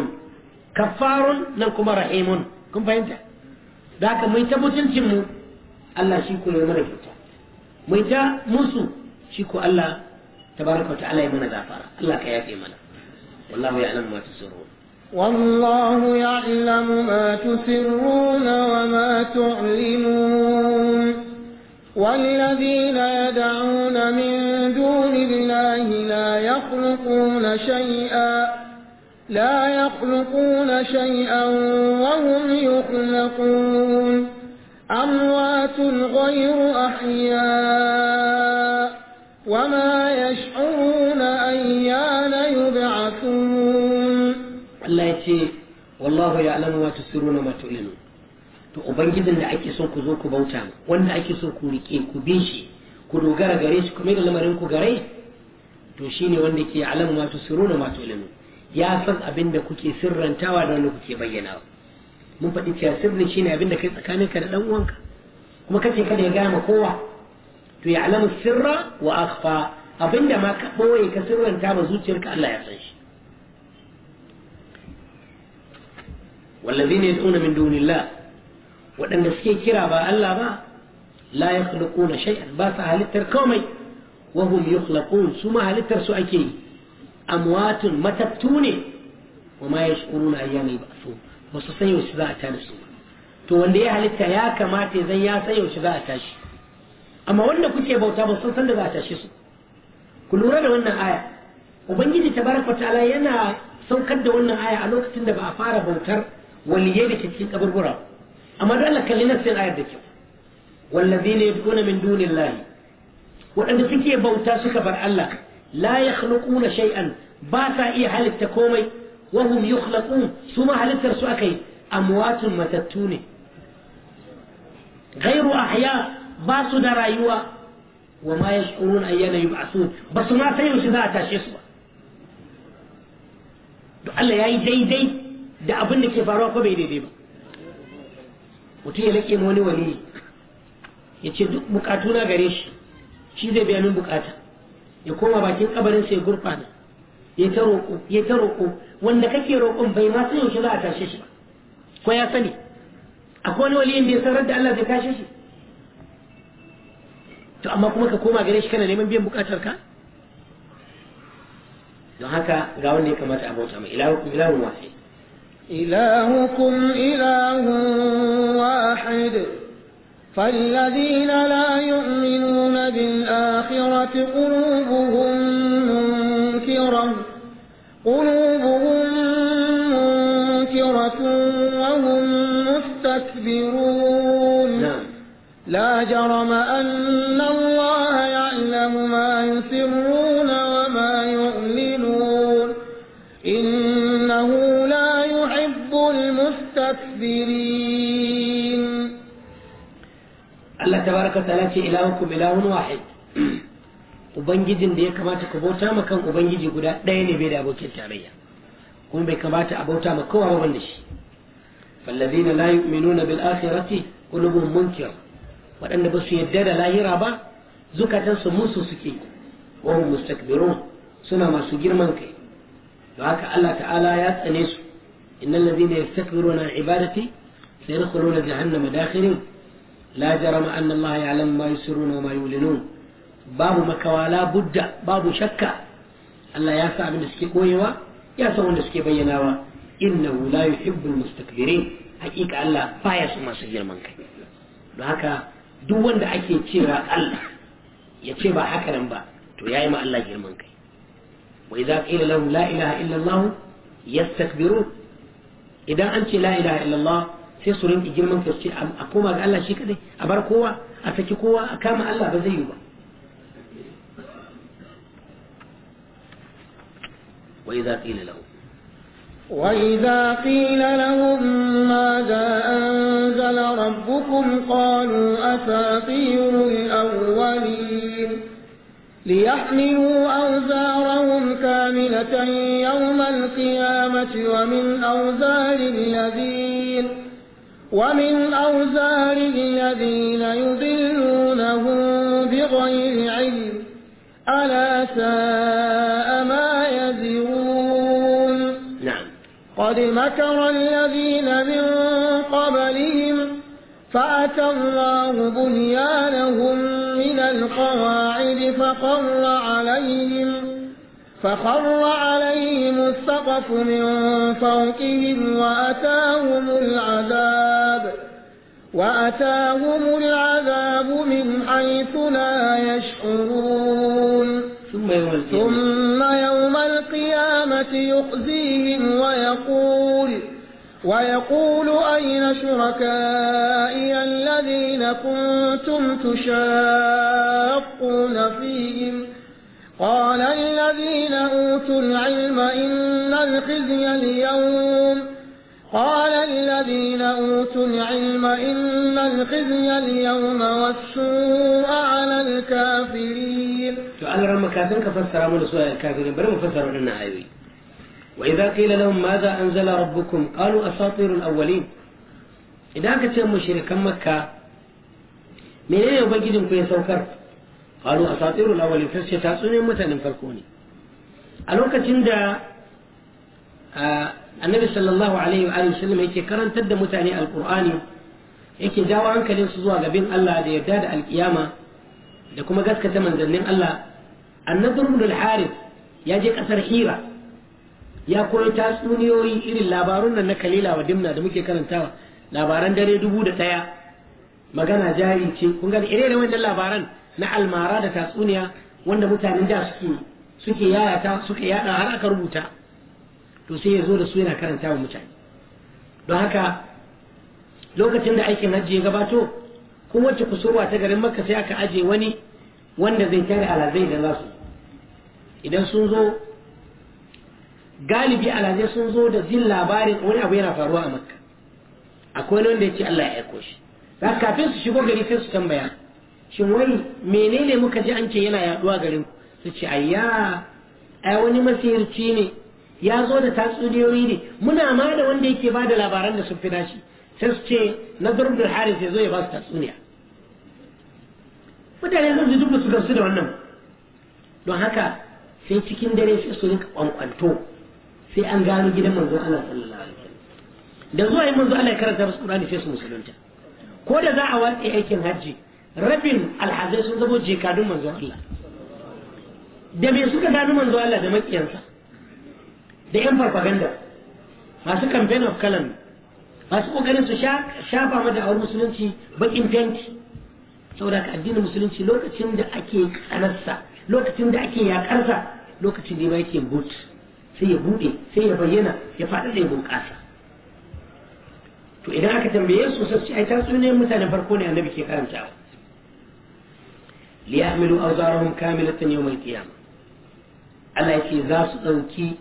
Speaker 1: كفار نكما رحيم كم فهمت ذاك ميتا متنتم الله شيكو يمر فتا ميتا موسو شيكو الله تبارك وتعالى يمن غفار الله كيافي منا والله يعلم ما تسرون
Speaker 2: والله يعلم ما تسرون وما تعلمون والذين يدعون من دون الله لا يخلقون شيئا لا يخلقون شيئا وهم يخلقون أموات غير أحياء وما يشعرون أيان يبعثون
Speaker 1: الله يتي والله يعلم ما تسرون وما تعلنون to ubangijin da ake son ku zo ku bauta wanda ake son ku rike ku bin shi ku dogara gare shi ku mai da lamarin ku gare to shine wanda ke alamu ma tusiruna ma tu'linu ya san abin da kuke sirrantawa da wanda kuke bayyana mun faɗi cewa sirri shine abin da kai tsakaninka da dan uwanka kuma kace kada ya gaya ma kowa to ya alamu sirra wa akhfa abin da ma ka boye ka sirranta ba zuciyarka Allah ya san shi wallazina yad'una min dunillah waɗanda suke kira ba Allah ba la yakhluquna shay'an ba sa halittar komai wa hum yukhlaqun su ma halittar su ake yi amwatun matattu ne wa ma na ayyami ba'su ba su san yaushe za a tada su to wanda ya halitta ya kamata zan ya san yaushe za a tashi amma wanda kuke bauta ba sun san da za a tashi su ku lura da wannan aya ubangiji tabaraka ta'ala yana saukar da wannan aya a lokacin da ba a fara bautar waliyyai da ke cikin kaburbura amma don Allah kalli nafsin ayar da kyau wallazina yabquna min dunillahi waɗanda suke bauta suka bar Allah la yakhluquna shay'an ba sa iya halitta komai wa hum yukhlaqun su ma halittar su akai amwatun matattu ne ghairu ahya ba su da rayuwa wa ma yashkurun ayyana yub'asun ba su ma san su za a tashe su ba to Allah yayi daidai da abin da ke faruwa ko bai daidai ba mutum ya laƙe wani wani ya ce duk bukatuna gare shi shi zai biya min bukata ya koma bakin kabarin sai gurfana ya ta roƙo ya ta roƙo wanda kake roƙon bai ma san yaushe za a tashe shi ko ya sani akwai wani waliyin da ya san da Allah zai tashe shi to amma kuma ka koma gare shi kana neman biyan bukatar ka don haka ga wanda ya kamata a bauta mai ilahun ilahun wahid
Speaker 2: ilahukum ilahun wahid فالذين لا يؤمنون بالآخرة قلوبهم منكرة قلوبهم منكرة وهم مستكبرون لا, نعم. لا جرم أن الله يعلم ما يسرون وما يؤمنون إنه لا يحب المستكبرين Allah tabaraka ta'ala ce ilahukum
Speaker 1: ilahun wahid ubangijin da ya kamata ku bauta ma kan ubangiji guda ɗaya ne bai da abokin tarayya kuma bai kamata a bauta ma kowa ba wanda shi fallazina la yu'minuna bil akhirati qulubuhum munkir waɗanda ba su yadda da lahira ba zukatansu musu suke wa hum mustakbirun suna masu girman kai don haka Allah ta'ala ya tsane su innal ladina yastakbiruna ibadati sayadkhuluna jahannama dakhirin la jarama anna Allah ya'lamu ma yusirruna wa ma babu makawa la budda babu shakka Allah ya sa abin da suke koyewa ya san wanda suke bayyanawa na la yuhibbul mustakbirin hakika Allah baya su masu girman kai do haka duk wanda ake cewa Allah ya ce ba haka nan ba to yayi ma Allah girman kai wa idza qila lahum la'ilaha ilaha illa Allah yastakbirun idan an ce la ilaha sai su rinki girman kai su a koma ga Allah shi kadai a bar kowa a saki kowa a kama Allah
Speaker 2: ba zai yi ba wa idza qila lahu wa idza qila قيل ma ماذا anzala rabbukum qalu أساطير الأولين ليحملوا أوزارهم كاملة يوم القيامة ومن أوزار الذين ومن أوزار الذين يضلونهم بغير علم ألا ساء ما يزرون نعم قد مكر الذين من قبلهم فأتى الله بنيانهم من القواعد فقر عليهم فخر عليهم السقف من فوقهم وأتاهم العذاب وأتاهم العذاب من حيث لا يشعرون ثم يوم, القيامة يخزيهم ويقول ويقول أين شركائي الذين كنتم تشاقون فيهم قال الذين أوتوا العلم إن الخزي اليوم قال الذين أوتوا العلم إن الخزي اليوم والسوء على الكافرين تعالى
Speaker 1: رمى كافرين كفسر أمون سوء الكافرين بل مفسر لنا أيوي وإذا قيل لهم ماذا أنزل ربكم قالوا أساطير الأولين إذا كتب مشركا مكة من منين يبجدهم كي يسوكرت qalu a awwalin sai ce tatsuniyar mutanen farko ne a lokacin da annabi sallallahu alaihi wa sallam yake karantar da mutane alqur'ani yake jawo hankalin su zuwa gabin Allah da yarda da alkiyama da kuma gaskata manzannin Allah annabi ibn al ya je kasar hira ya koyi tatsuniyoyi irin labarun nan na kalila dimna da muke karanta labaran dare dubu da ɗaya magana jari ce kun ga ire da wannan labaran na almara da tatsuniya wanda mutanen da suke suke yayata suke yada har aka rubuta to sai ya zo da su yana karanta wa mutane don haka lokacin da aikin hajji ya gabato kuma wacce kusurwa ta garin makka sai aka aje wani wanda zai tare alazai da za su idan sun zo galibi alazai sun zo da jin labarin wani abu yana faruwa a makka akwai wanda ya ce Allah ya aiko shi kafin su shigo gari sai su tambaya shin wai menene muka ji an ce yana yaduwa garin su ce ayya ai wani masirci ne ya zo da tatsuniyoyi ne muna ma da wanda yake ba da labaran da sun fi nashi sai su ce na durbin haris ya zo ya ba su tatsuniya mutane zan dubu su gamsu da wannan don haka sai cikin dare sai su rinka kwankwanto sai an gano gidan manzon Allah sallallahu alaihi wasallam da zuwa yi manzo Allah ya karanta musu Qur'ani sai su musulunta ko da za a watsa aikin hajji rabin alhazai sun zama jekadun Manzo Allah da me suka gano Manzo Allah da makiyansa da yan farfaganda masu campaign of kalan masu kokarin su shafa mata a musulunci bakin fenti saboda ka addinin musulunci lokacin da ake kanarsa lokacin da ake yakarsa lokacin da ya yake but sai ya bude sai ya bayyana ya faɗa da ya bunƙasa to idan aka tambaye su sai ai tatsuniyar mutane, farko ne annabi ke karantawa liyahmilu awzarahum kamilatan yawm al-qiyamah Allah yake za su dauki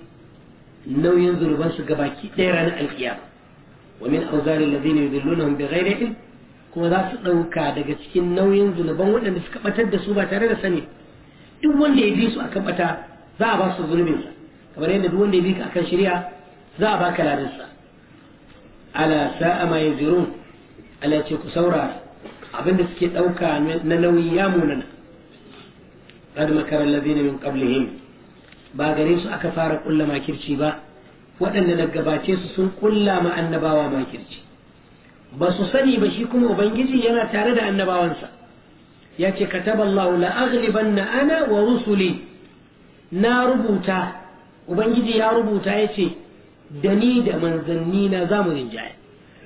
Speaker 1: nauyin zurban su gabaki ɗaya ranar alkiyama wa min awzaril ladina yudillunahum bighairi ilm kuma za su dauka daga cikin nauyin zunuban waɗanda suka batar da su ba tare da sani duk wanda ya bi su akan bata za a ba su zulmin sa kamar yadda duk wanda ya bi akan shari'a za a baka ladan sa ku abinda suke ɗauka na nauyi ya munana qad makara alladhina min qablihim ba gare su aka fara kulla makirci ba waɗanda na gabace su sun kulla ma annabawa makirci ba su sani ba shi kuma ubangiji yana tare da annabawansa ya ce kataballahu la aghlibanna ana wa rusuli na rubuta ubangiji ya rubuta ya ce da ni da manzanni na zamu rinjaye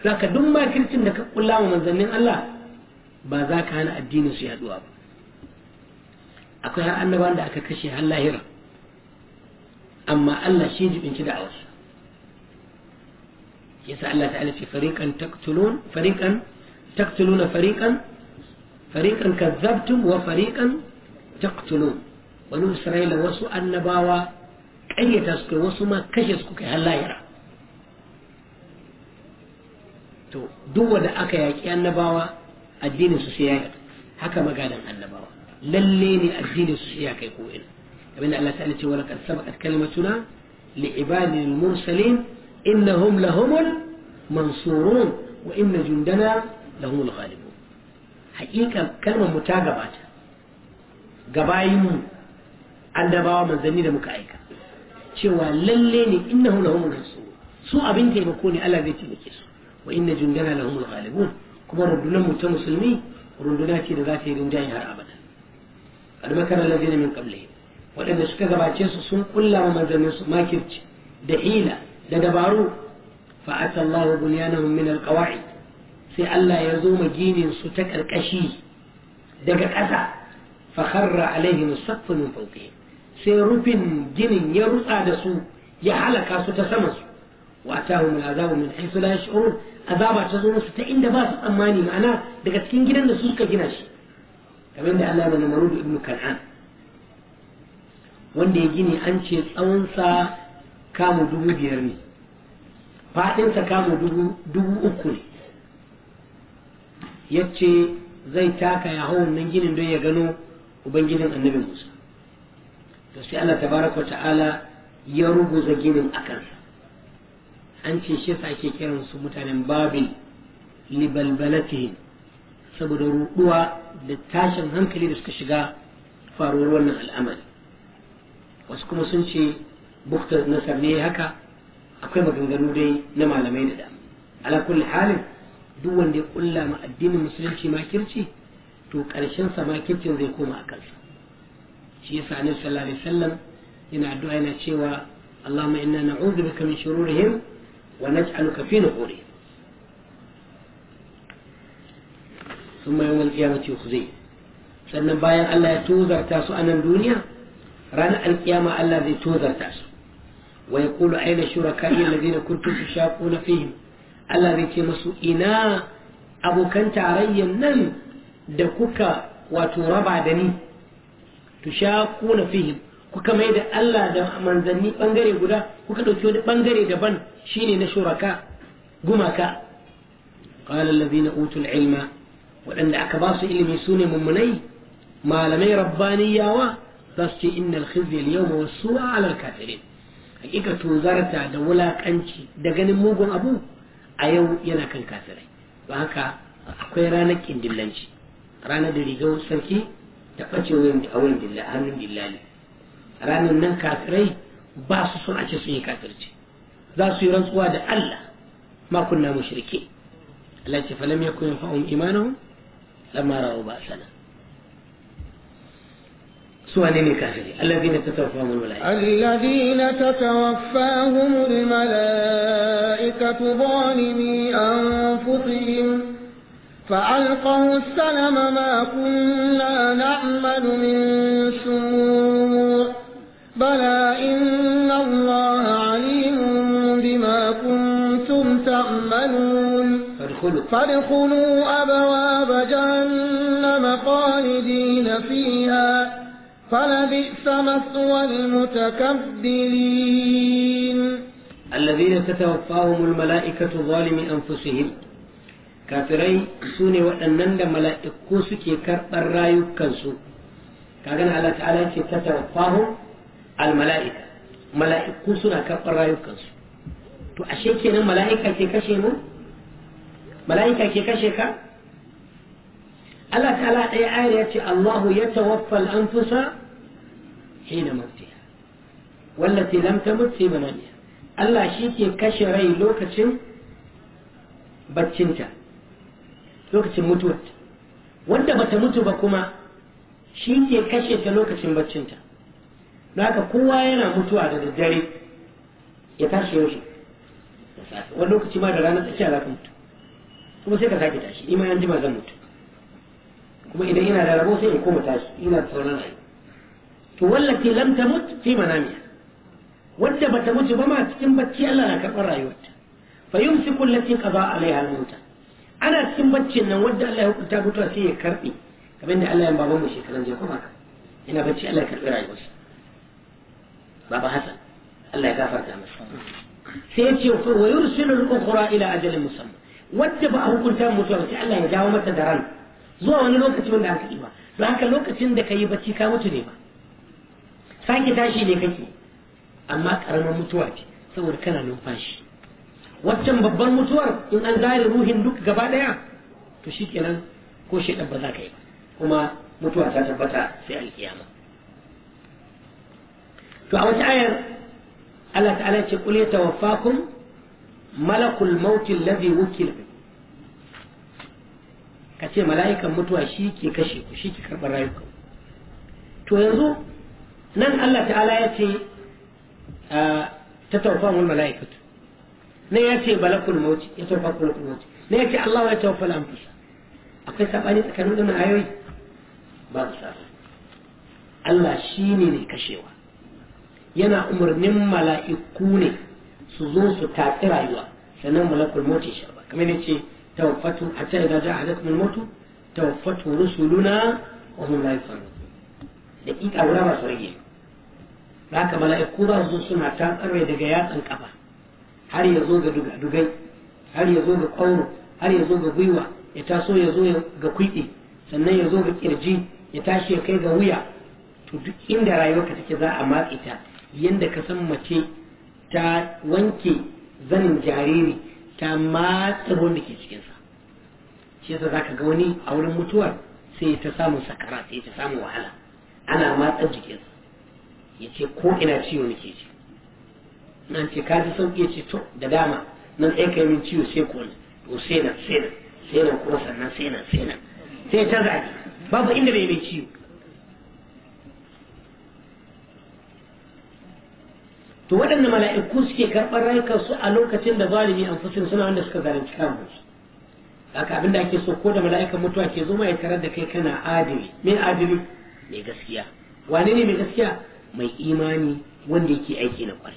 Speaker 1: ka duk makircin da ka kulla wa manzannin Allah ba za ka hana addinin su yaduwa ba akwai har annaba da aka kashe har lahira amma Allah shi jibinci da awas yasa Allah ta'ala ce fariƙan taktulun fariƙan taktuluna fariƙan fariƙan kazzabtum wa fariƙan taktulun wani Isra'ila wasu annabawa ƙaryata suka wasu ma kashe su kai har lahira to duk wanda aka yaƙi annabawa addinin su sai ya haka maganin annabawa lalle ne addinin su ya kai ko ina abinda Allah ta'ala ce wala qad sabaqat kalimatuna li ibadil mursalin innahum lahumul mansurun wa inna jundana lahumul ghalibun hakika kalmar mu ta gabata gabayin mu annabawa manzanni da muka aika cewa lalle ne innahum lahumul mansurun su abin taimako ne Allah zai taimake su wa inna jundana lahumul ghalibun kuma rundunar mu ta musulmi runduna ce da za ta yi rinjaye har abada المكان الذين من قبلهم وإذا سكذب عن جنس سن كل ما مزن ما كرت دحيلة لدبارو فأتى الله بنيانهم من القواعد في ألا يزوم جين ستك الكشي دك أسا فخر عليهم السقف من فوقهم سي ربن جين يرسى دسو يحلق ستسمس وأتاهم العذاب من حيث لا يشعرون عذاب عشان سوتا إن دباس أماني معناه دك تكين جين سوتك جناش kamar da Allah bane Namrud ibn Kan'an wanda ya gini an ce tsawonsa kamu dubu biyar ne faɗinsa kamu dubu uku ne ya ce zai taka ya hau wannan ginin don ya gano ubangijin annabi Musa to sai Allah tabaraka ta'ala ya ruguza ginin a kansa an ce shi sa ake kiran su mutanen babil libalbalatihim saboda ruɗuwa da tashin hankali da suka shiga faruwar wannan al'amari wasu kuma sun ce buktar nasar ne haka akwai maganganu dai na malamai da dama ala kulli halin duk wanda ya kulla ma addinin musulunci makirci to karshen sa makircin zai koma a kansa shi yasa annabi sallallahu alaihi wasallam yana addu'a yana cewa اللهم إنا نعوذ بك wa شرورهم ونجعلك في نحورهم ثم يوم القيامة يخزي سألنا بايا ألا توذر تاسو أنا الدنيا رانا القيامة الذي توذر تاسو ويقول أين الشركاء الذين كنتم تشاقون فيهم الذي تمسوا إنا أبو كنت علي نم دكوكا وتربع دني تشاقون فيهم kuka mai da Allah da manzanni bangare guda kuka dauki wani bangare daban shine na shuraka gumaka qala alladhina waɗanda aka ba su ilimi su ne mummunai malamai rabbaniyawa za su ce innal khizya yau yawma wasu sua 'ala al-kafirin hakika tozarta da wulaƙanci da ganin mugun abu a yau yana kan kafirai ba haka akwai ranar kindillanci ranar da rigar sarki ta ɓace wurin a auren dilla hannun dillali ranar nan kafirai ba su son a ce sun yi kafirci za su yi rantsuwa da Allah ma kunna mushrike Allah ce falam yakun fa'um imanuhum لما رأوا بأسنا سؤالين الكافرين الذين تتوفاهم الملائكة
Speaker 2: الذين تتوفاهم الملائكة ظالمي أنفسهم فألقوا السلم ما كنا نعمل من سوء بلى إن الخلد فادخلوا أبواب جهنم خالدين فيها فلبئس مثوى المتكبرين
Speaker 1: الذين تتوفاهم الملائكة ظالم أنفسهم كافرين سوني وأنن ملائكة سكي كربر رايو كنسو كأن على تعالى تتوفاهم الملائكة ملائكة سنة كربر رايو كنسو تو أشيكي ملائكة تكشي mala'ika ke kashe ka Allah ta'ala ɗaya ayar ya ce Allahu ya tawaffal an anfusa hina mutiya wallati lam tamut fi manamiha Allah shi ke kashe rai lokacin baccinta lokacin mutuwarta wanda bata mutu ba kuma shi ke kashe ta lokacin baccinta don haka kowa yana mutuwa da daddare ya tashi yaushe wani lokaci ma da ranar tsakiya za ka mutu kuma sai ka sake tashi ni ma jima zan mutu kuma idan ina da rabo sai in koma tashi ina da sauran rai to wallati lam tamut fi manamiha wadda bata mutu ba ma cikin bacci Allah na karɓar rayuwarta fa yumsiku allati qada alaiha almauta ana cikin baccin nan wanda Allah ya hukunta mutuwa sai ya karbi kamar da Allah ya baban mu shekaran jiya kuma ina bacci Allah ya karɓi rayuwarsa baba Hassan Allah ya gafarta masa sai ya ce wa yursilu al-ukhra ila ajalin musamma wacce ba a hukunta mutuwa ba sai Allah ya jawo mata da ran zuwa wani lokaci wanda aka yi ba don haka lokacin da ka yi bacci ka mutu ne ba sake tashi ne kake amma karamar mutuwa ce saboda kana numfashi waccan babban mutuwar in an zare ruhin duk gaba daya to shikenan ko shaidan ba za ka yi ba kuma mutuwa ta tabbata sai alkiyama to a wata ayar Allah ta'ala ce kule tawaffakum malakul mauti allazi wukila ka ce mala'ikan mutuwa shi ke kashe ku shi ke karɓar rayuka to yanzu nan Allah ta'ala ya ce ta taufa mul mala'ikatu ne ya ce balakul mauti ya taufa kulakul mauti ne ya ce Allah ya taufa lamfusa akwai sabani tsakanin wannan ayoyi ba su saɓa Allah shi ne ne kashewa yana umarnin mala'iku ne su zo su tafi rayuwa sannan malakul maut ya shafa kamar ne ce tawaffatu hatta idza ja'a ahadakum al-maut tawaffatu rusuluna wa hum la yusarrun da ika guda masu rage haka mala'iku ba su suna tantsarwa daga yatsan kafa har ya zo ga dugai har ya zo ga kwauro har ya zo ga gwiwa ya taso ya zo ga kwiɗi sannan ya zo ga kirji ya tashi ya kai ga wuya to duk inda rayuwarka take za a matse ta yadda ka san mace ta wanke zanin jariri ta matsa ruwan da ke cikinsa shi yasa zaka ga wani a wurin mutuwar sai ta samu sakara sai ta samu wahala ana matsa jikinsa ya ce ko ina ciwo nake ci, nan ce ka ji sauƙi ya ce to da dama nan ka yi min ciwo sai kone to sai nan sai nan sai nan kuma sannan sai nan sai nan sai ta zaɓi, babu inda bai mai ciwo to waɗanda mala'iku suke karɓar rayukansu a lokacin da zalimi an fusin suna wanda suka zalunci kansu haka abin da ake so ko da mala'ikan mutuwa ke zo mai tarar da kai kana adili mai adili mai gaskiya wane ne mai gaskiya mai imani wanda yake aiki na kwari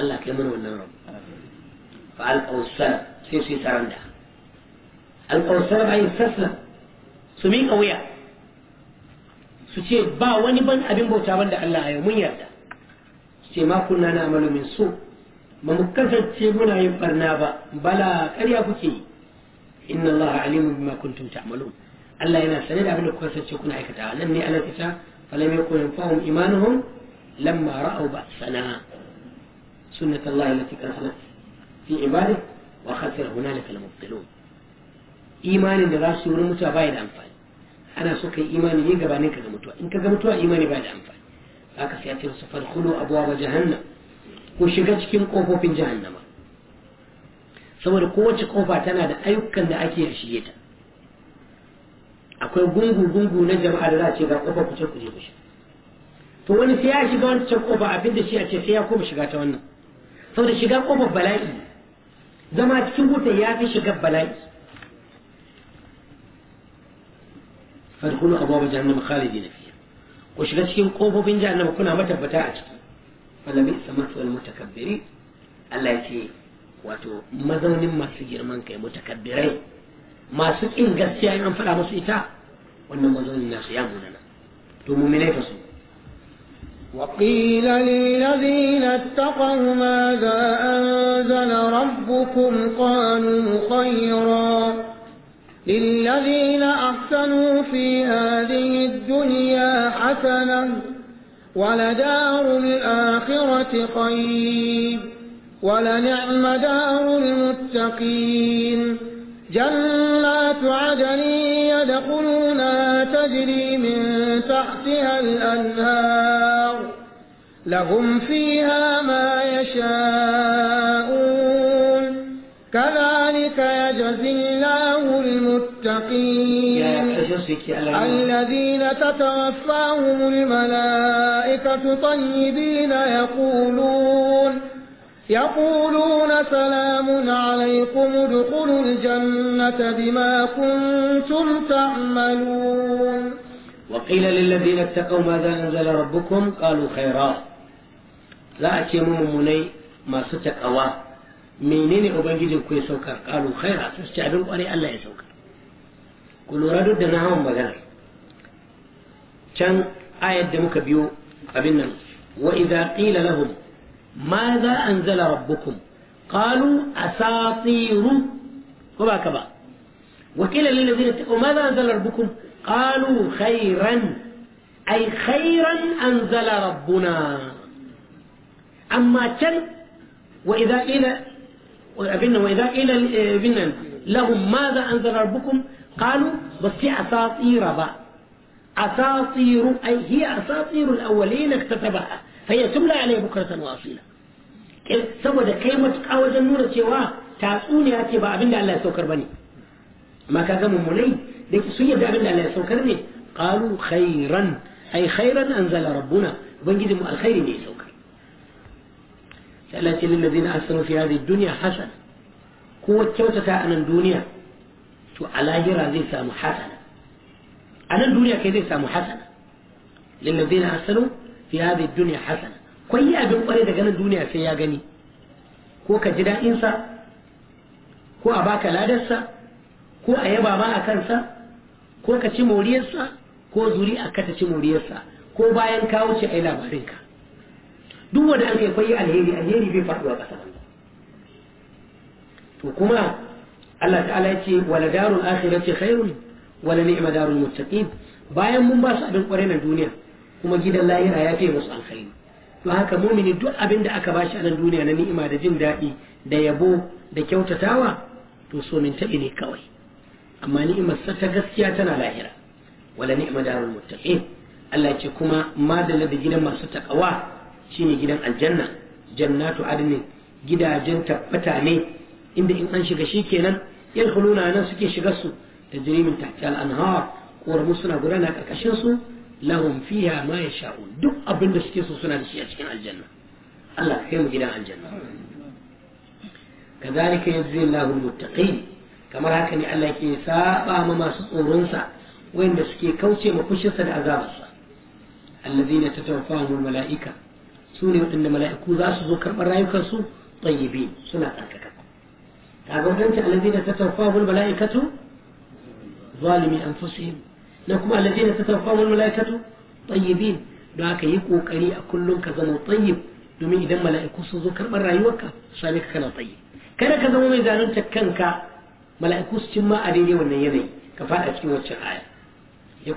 Speaker 1: Allah kai mana wannan rabu fa alqawsal sai su al alqawsal ay sasla su mika wuya su ce ba wani ban abin bauta ban da Allah ya mun yarda ce ma kunna na amalu min su ba mu kasance muna yin barna ba bala karya kuke yi inna Allah alimun bima kuntum ta'malun Allah yana sane da abin da kuka kasance kuna aikata nan ne Allah ta falam yakun yanfa'um imanuhum lamma ra'aw ba'sana sunnat Allah allati kanat fi ibadihi wa khasira hunalika al-mubtilun imanin da za su yi mutuwa bai da amfani ana so kai imani ne gabanin ga mutuwa in ka ga mutuwa amfani haka sai a ce musu fadkhulu abwaba jahannam ku shiga cikin kofofin jahannama saboda kowace kofa tana da ayyukan da ake shige ta akwai gungu gungu na jama'a da za a ce ga kofa ku ce ku je ku shiga to wani sai ya shiga wancan kofa abin da shi a ce sai ya koma shiga ta wannan saboda shiga kofar bala'i zama cikin wuta ya fi shiga bala'i fadkhulu abwaba jahannam khalidina fi وشغل سكين قوبو بنجا أنا مكونا متى بتاع أشكي فلا بيس مثل المتكبرين الله يتي واتو مزون ما سجر من كي متكبرين ما سكين قسيا يوم فلا مسيطا وانا مزون الناس يامونا تو مؤمنين فسو
Speaker 2: وقيل للذين اتقوا ماذا أنزل ربكم قالوا خيرا للذين أحسنوا في هذه الدنيا حسنة ولدار الآخرة خير ولنعم دار المتقين جنات عدن يدخلونها تجري من تحتها الأنهار لهم فيها ما يشاءون كذلك يجزي المتقين الذين تتوفاهم الملائكة طيبين يقولون يقولون سلام عليكم ادخلوا الجنة بما كنتم تعملون
Speaker 1: وقيل للذين اتقوا ماذا أنزل ربكم قالوا خيرا لا أتيمم مني ما ستقوا منين أبنجد كوي سوكر قالوا خيرا تستعبوا ولي ألا يسوكر ku lura duk da nahawun maganar can ayar da muka biyo abin nan wa idza qila lahum madha anzala rabbukum qalu asatiru ko ba ka ba wa qila lil ladina taqaw madha anzala rabbukum qalu khayran ay khayran anzala rabbuna amma can wa idza qila abinna wa idza qila abinna لهم ماذا أنزل ربكم قالوا بس في أساطير بقى أساطير أي هي أساطير الأولين اكتتبها فهي تملى عليه بكرة وأصيلة سوى ده كلمة أول النور سواه؟ تاسوني هاتي بقى بند الله سوكر بني ما كذا من ملي ده سوية بقى بند الله سوكر بني قالوا خيرا أي خيرا أنزل ربنا وبنجد الخير من سوكر التي للذين أحسنوا في هذه الدنيا حسنة ko kyautata a nan duniya to a lahira zai samu hasana a nan duniya kai zai samu hasana na hasanu fi zai duniya hasana kwai ya abin kwarai daga nan duniya sai ya gani ko ka ji daɗinsa, ko a baka ladarsa ko a yaba ba a kansa ko ka ci moriyarsa ko zuri a ka ci moriyarsa ko bayan kawo ce a yi labarinka duk wanda an kai kwai alheri alheri bai faɗuwa ƙasa to kuma Allah ta'ala yake wala darul akhirati khairun wala ni'ma darul muttaqin bayan mun ba su abin kware na duniya kuma gidan lahira ya fi musu alkhairi to haka mumini duk abin da aka bashi a nan duniya na ni'ima da jin daɗi da yabo da kyautatawa to so min taɓi ne kawai amma ni'imar sa ta gaskiya tana lahira wala ni'ma darul muttaqin Allah ce kuma madalla da gidan masu takawa shine gidan aljanna jannatu adnin gidajen tabbata ne إن إن أن شجشي كنا يدخلون على نفسك شجسو تجري من تحت الأنهار ورمسنا قرانا كشنسو لهم فيها ما يشاءون دق أبن سنة سنا دسكيسكين الجنة الله كيم جدا الجنة كذلك يجزي الله المتقين كما راكني الله كي سابا مما سؤرنسا وين دسكي كوشي مكوشي سنة أزارسا الذين تتوفاهم الملائكة سوني وإن ملائكو ذاسو ذكر مرايكا سو طيبين سنة أكاكاكا kaga wadancan alladina tatawaffahum almalaikatu zalimi anfusihim na kuma alladina tatawaffahum almalaikatu tayyibin don haka yi kokari a kullum ka zama tayyib domin idan mala'iku sun zo karɓar rayuwarka sami ka kana tayyib kada ka zama mai zalunta kanka mala'iku su cimma a daidai wannan yanayi ka faɗa cikin waccan aya ya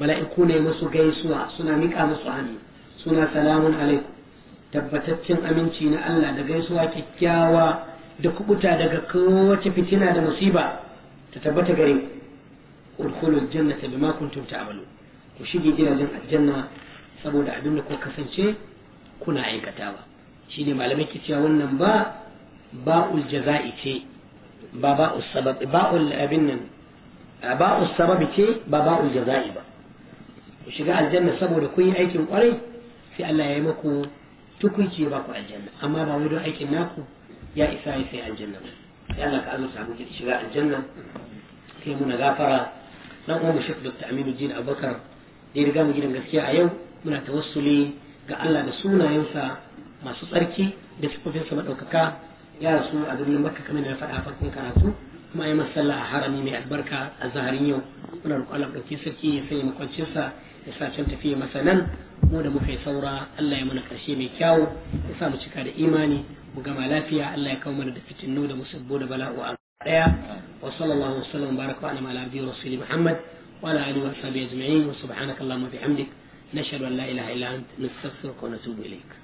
Speaker 1: mala'iku ne masu gaisuwa suna miƙa masu hannu suna salamun alaikum tabbataccen aminci na Allah da gaisuwa kyakkyawa da kubuta daga kowace fitina da musiba ta tabbata gare ku udkhulu aljannata bima kuntum ta'malu ku shige gidajen aljanna saboda abin da ku kasance kuna aikatawa shine malamai ke cewa wannan ba ba'ul jaza'i ce ba ba'ul sabab ba'ul abin nan ba'ul sababi ce ba ba'ul jaza'i ba ku shiga aljanna saboda kun yi aikin kwarai sai Allah ya yi muku tukunci ba ku aljanna amma ba wai don aikin naku ya isa ya sai aljanna ya Allah ka azurta mu ki shiga aljanna kai muna gafara dan uwa mu Dr. Aminu Jin Abubakar da ya riga mu gidan gaskiya a yau muna tawassuli ga Allah da sunayensa masu tsarki da sifofinsa madaukaka ya rasu a birnin Makka kamar da faɗa farkon karatu kuma ya masallah a harami mai albarka a zaharin yau muna roƙon Allah ɗauki sarki ya sanya makwancinsa ya sa can tafiye masa nan mu da muka saura Allah ya mana karshe mai kyawu ya sa mu cika da imani mu gama lafiya Allah ya kawo mana da fitinu da musabbo da bala'u a daya wa sallallahu wa sallam baraka ala abdi rasuli muhammad wa ala alihi wa sahbihi ajma'in wa subhanakallahumma bihamdik nashhadu an la ilaha illa anta nastaghfiruka wa natubu ilayk